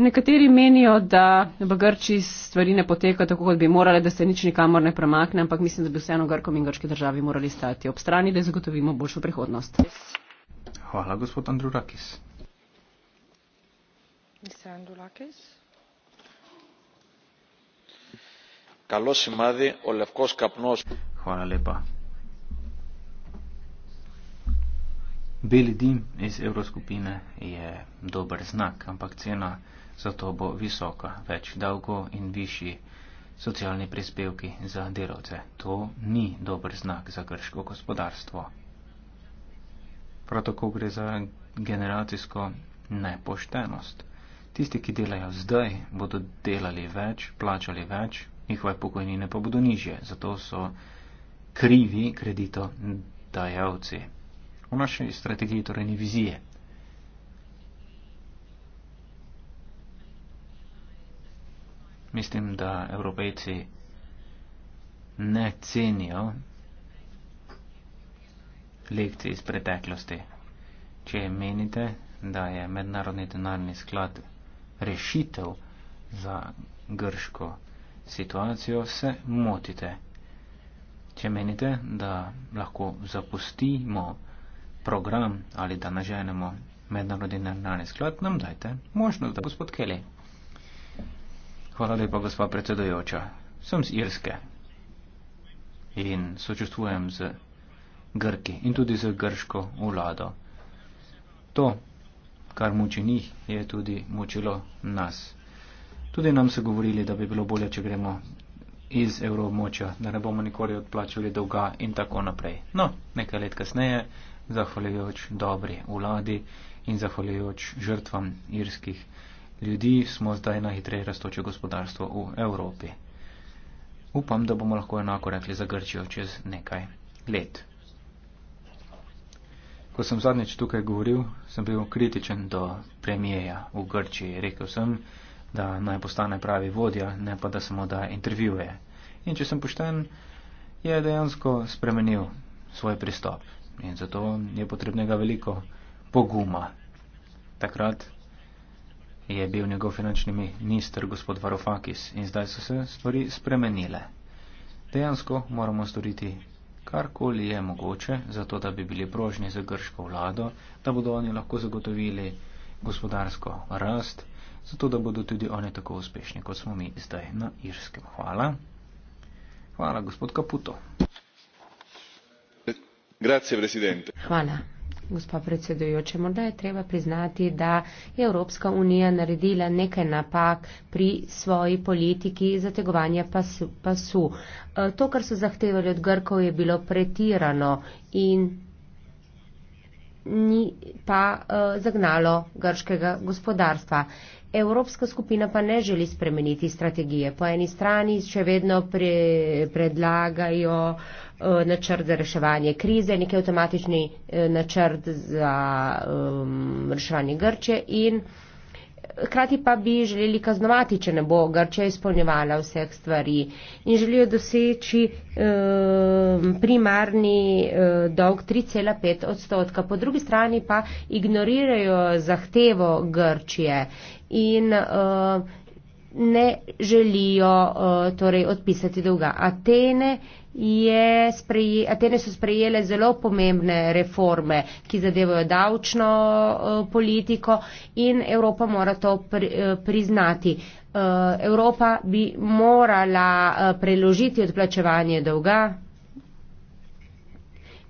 Nekateri menijo, da v Grči stvari ne poteka tako, kot bi morale, da se nič nikamor ne premakne, ampak mislim, da bi vseeno Grkom in Grški državi morali stati ob strani, da zagotovimo boljšo prihodnost. Hvala, gospod Andrew Rakis. Hvala lepa. Beli dim iz evroskupine je dober znak, ampak cena zato bo visoka, več davkov in višji socialni prispevki za delavce. To ni dober znak za grško gospodarstvo. Prav tako gre za generacijsko nepoštenost. Tisti, ki delajo zdaj, bodo delali več, plačali več, njihove pokojnine pa bodo nižje, zato so krivi kredito dajalci. V naši strategiji torej ni vizije, mislim, da evropejci ne cenijo lekcij iz preteklosti. Če menite, da je mednarodni denarni sklad rešitev za grško situacijo, se motite. Če menite, da lahko zapustimo program ali da naženemo mednarodni denarni sklad, nam dajte možnost, da gospod Kelly. Hvala lepa, gospa predsedojoča. Sem z Irske in sočustvujem z Grki in tudi z grško vlado. To, kar muči njih, je tudi mučilo nas. Tudi nam so govorili, da bi bilo bolje, če gremo iz evroobmočja, da ne bomo nikoli odplačali dolga in tako naprej. No, nekaj let kasneje, zahvaljujoč dobri vladi in zahvaljujoč žrtvam irskih ljudi smo zdaj na hitreje raztoče gospodarstvo v Evropi. Upam, da bomo lahko enako rekli za Grčijo čez nekaj let. Ko sem zadnjič tukaj govoril, sem bil kritičen do premijeja v Grčiji. Rekel sem, da naj postane pravi vodja, ne pa da samo da intervjuje. In če sem pošten, je dejansko spremenil svoj pristop. In zato je potrebnega veliko poguma. Takrat je bil njegov finančni minister gospod Varofakis in zdaj so se stvari spremenile. Dejansko moramo storiti karkoli je mogoče, zato da bi bili prožni za grško vlado, da bodo oni lahko zagotovili gospodarsko rast, zato da bodo tudi oni tako uspešni, kot smo mi zdaj na Irskem. Hvala. Hvala, gospod Kaputo. Grazie, Presidente. Hvala gospa predsedujoča, morda je treba priznati, da je Evropska unija naredila nekaj napak pri svoji politiki zategovanja pasu. pasu. E, to, kar so zahtevali od Grkov, je bilo pretirano in ni pa uh, zagnalo grškega gospodarstva. Evropska skupina pa ne želi spremeniti strategije. Po eni strani še vedno pre, predlagajo uh, načrt za reševanje krize, nek avtomatični uh, načrt za um, reševanje Grče in uh, Hkrati pa bi želeli kaznovati, če ne bo Grčija izpolnjevala vseh stvari in želijo doseči eh, primarni eh, dolg 3,5 odstotka. Po drugi strani pa ignorirajo zahtevo Grčije in eh, ne želijo uh, torej odpisati dolga. Atene, je, sprej, Atene so sprejele zelo pomembne reforme, ki zadevajo davčno uh, politiko in Evropa mora to pri, uh, priznati. Uh, Evropa bi morala uh, preložiti odplačevanje dolga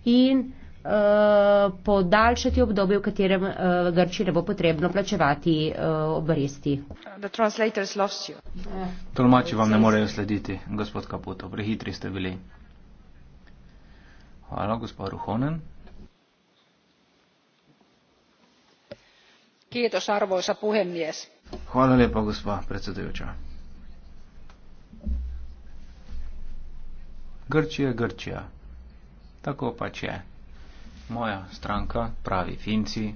in uh, Eh, podaljšati obdobje, v katerem uh, eh, Grči ne bo potrebno plačevati uh, obresti. Tolmači vam ne morejo slediti, gospod Kaputo. Prehitri ste bili. Hvala, gospod Ruhonen. Kiitos, arvoisa puhemies. Hvala lepa, gospa predsedujoča. Grčija, Grčija. Tako pač je moja stranka, pravi Finci,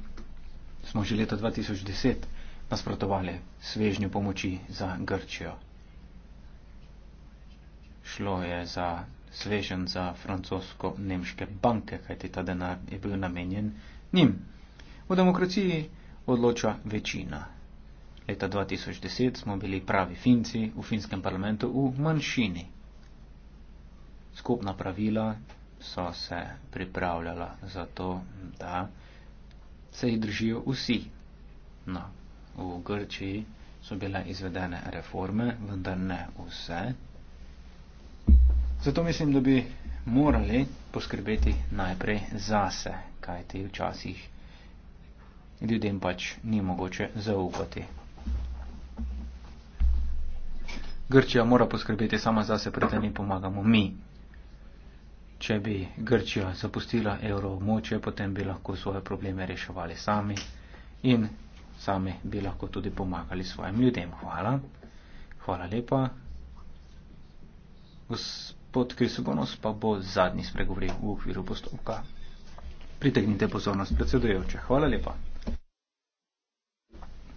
smo že leta 2010 nasprotovali svežnju pomoči za Grčijo. Šlo je za svežen za francosko-nemške banke, kajti ta denar je bil namenjen njim. V demokraciji odloča večina. Leta 2010 smo bili pravi Finci v finskem parlamentu v manjšini. Skupna pravila so se pripravljala za to, da se jih držijo vsi. No, v Grčiji so bile izvedene reforme, vendar ne vse. Zato mislim, da bi morali poskrbeti najprej zase, kaj ti včasih ljudem pač ni mogoče zaupati. Grčija mora poskrbeti sama zase, preden ji pomagamo mi. Če bi Grčija zapustila evroobmočje, potem bi lahko svoje probleme reševali sami in sami bi lahko tudi pomagali svojim ljudem. Hvala. Hvala lepa. Gospod Krisogonos pa bo zadnji spregovoril v okviru postopka. Pritegnite pozornost predsedujoče. Hvala lepa.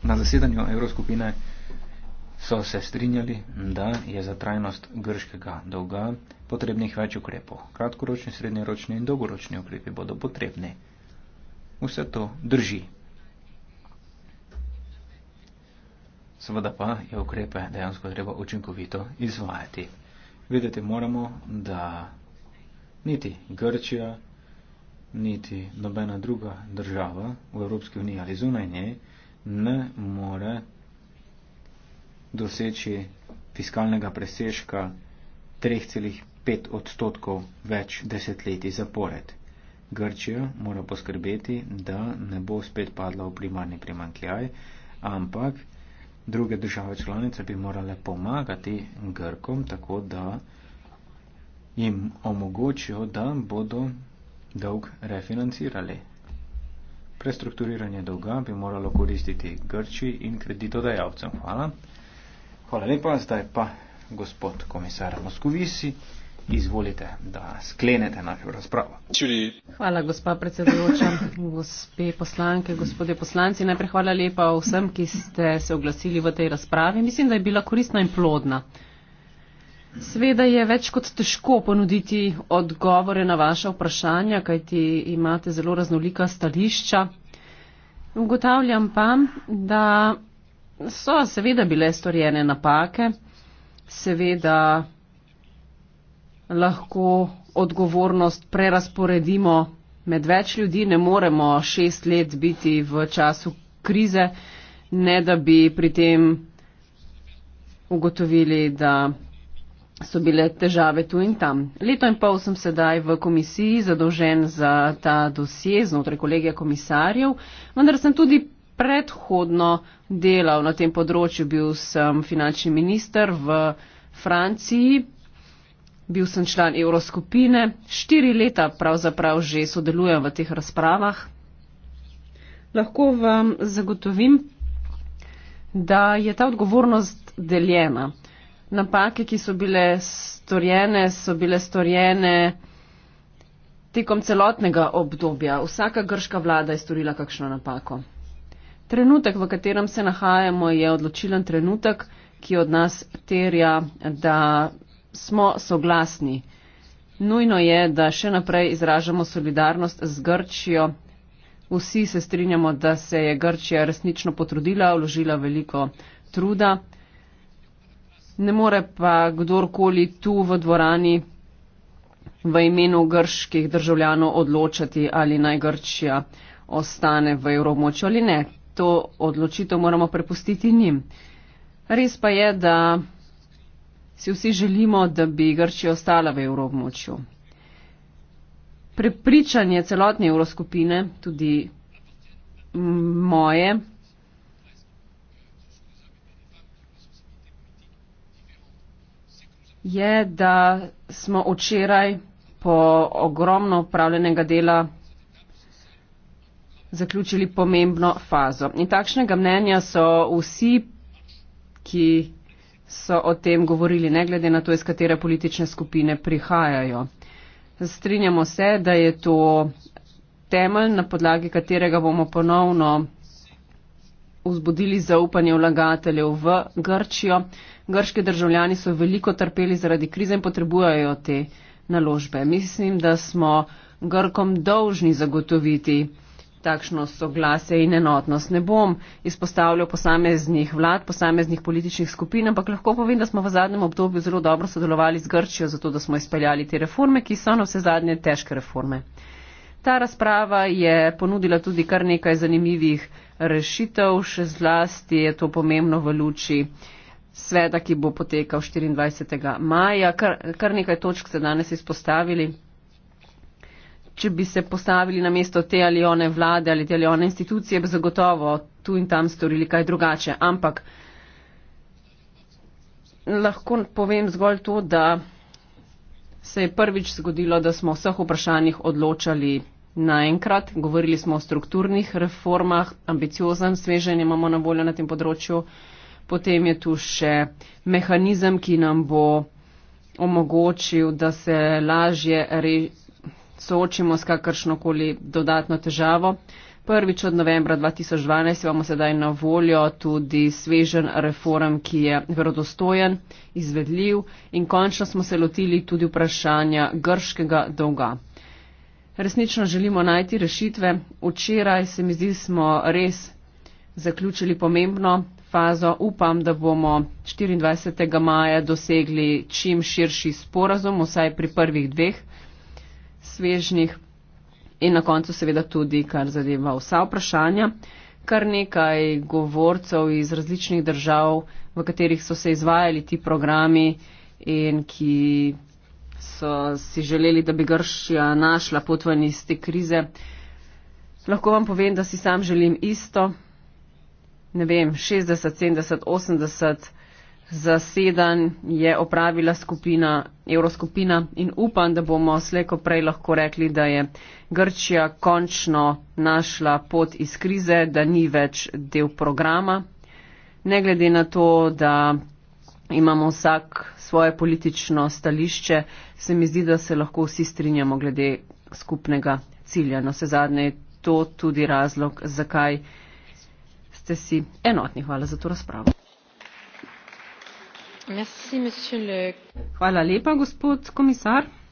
Na zasedanju Evroskupine so se strinjali, da je za trajnost grškega dolga potrebnih več ukrepov. Kratkoročni, srednjeročni in dolgoročni ukrepi bodo potrebni. Vse to drži. Seveda pa je ukrepe dejansko treba učinkovito izvajati. Videti moramo, da niti Grčija, niti nobena druga država v Evropski uniji ali zunaj nje ne more doseči fiskalnega presežka 3,5 odstotkov več desetletij zapored. Grčija mora poskrbeti, da ne bo spet padla v primarni primankljaj, ampak druge države članice bi morale pomagati Grkom, tako da jim omogočijo, da bodo dolg refinancirali. Prestrukturiranje dolga bi moralo koristiti Grči in kreditodajalcem. Hvala. Hvala lepa, zdaj pa gospod komisar Moskovisi, izvolite, da sklenete našo razpravo. Hvala, gospa predsedujoča, gospe poslanke, gospode poslanci. Najprej hvala lepa vsem, ki ste se oglasili v tej razpravi. Mislim, da je bila koristna in plodna. Sveda je več kot težko ponuditi odgovore na vaše vprašanja, kajti imate zelo raznolika stališča. Ugotavljam pa, da so seveda bile storjene napake, seveda lahko odgovornost prerasporedimo med več ljudi, ne moremo šest let biti v času krize, ne da bi pri tem ugotovili, da so bile težave tu in tam. Leto in pol sem sedaj v komisiji zadolžen za ta dosje znotraj kolegija komisarjev, vendar sem tudi predhodno delal na tem področju. Bil sem finančni minister v Franciji, bil sem član evroskupine, štiri leta pravzaprav že sodelujem v teh razpravah. Lahko vam zagotovim, da je ta odgovornost deljena. Napake, ki so bile storjene, so bile storjene tekom celotnega obdobja. Vsaka grška vlada je storila kakšno napako. Trenutek, v katerem se nahajamo, je odločilen trenutek, ki od nas terja, da smo soglasni. Nujno je, da še naprej izražamo solidarnost z Grčijo. Vsi se strinjamo, da se je Grčija resnično potrudila, vložila veliko truda. Ne more pa kdorkoli tu v dvorani v imenu grških državljanov odločati, ali naj Grčija ostane v evromočju ali ne to odločitev moramo prepustiti njim. Res pa je, da si vsi želimo, da bi Grčija ostala v evrobmočju. Prepričanje celotne evroskupine, tudi moje, je, da smo včeraj po ogromno upravljenega dela zaključili pomembno fazo. In takšnega mnenja so vsi, ki so o tem govorili, ne glede na to, iz katere politične skupine prihajajo. Strinjamo se, da je to temelj, na podlagi katerega bomo ponovno vzbudili zaupanje vlagateljev v Grčijo. Grški državljani so veliko trpeli zaradi krize in potrebujejo te naložbe. Mislim, da smo Grkom dolžni zagotoviti takšno soglasje in enotnost. Ne bom izpostavljal posameznih vlad, posameznih političnih skupin, ampak lahko povem, da smo v zadnjem obdobju zelo dobro sodelovali z Grčijo, zato da smo izpeljali te reforme, ki so na vse zadnje težke reforme. Ta razprava je ponudila tudi kar nekaj zanimivih rešitev, še zlasti je to pomembno v luči sveta, ki bo potekal 24. maja. Kar, kar nekaj točk ste danes izpostavili če bi se postavili na mesto te ali one vlade ali te ali one institucije, bi zagotovo tu in tam storili kaj drugače. Ampak lahko povem zgolj to, da se je prvič zgodilo, da smo o vseh vprašanjih odločali naenkrat. Govorili smo o strukturnih reformah, ambiciozen sveženje imamo na voljo na tem področju. Potem je tu še mehanizem, ki nam bo omogočil, da se lažje reči soočimo s kakršnokoli dodatno težavo. Prvič od novembra 2012 imamo sedaj na voljo tudi svežen reform, ki je verodostojen, izvedljiv in končno smo se lotili tudi vprašanja grškega dolga. Resnično želimo najti rešitve. Včeraj se mi zdi, smo res zaključili pomembno fazo. Upam, da bomo 24. maja dosegli čim širši sporazum, vsaj pri prvih dveh svežnih in na koncu seveda tudi, kar zadeva vsa vprašanja. Kar nekaj govorcev iz različnih držav, v katerih so se izvajali ti programi in ki so si želeli, da bi Grščija našla pot ven iz te krize. Lahko vam povem, da si sam želim isto. Ne vem, 60, 70, 80 zasedanj je opravila skupina, evroskupina in upam, da bomo sleko prej lahko rekli, da je Grčija končno našla pot iz krize, da ni več del programa. Ne glede na to, da imamo vsak svoje politično stališče, se mi zdi, da se lahko vsi strinjamo glede skupnega cilja. No, se zadnje je to tudi razlog, zakaj ste si enotni. Hvala za to razpravo gospod komisar za vaše odgovore.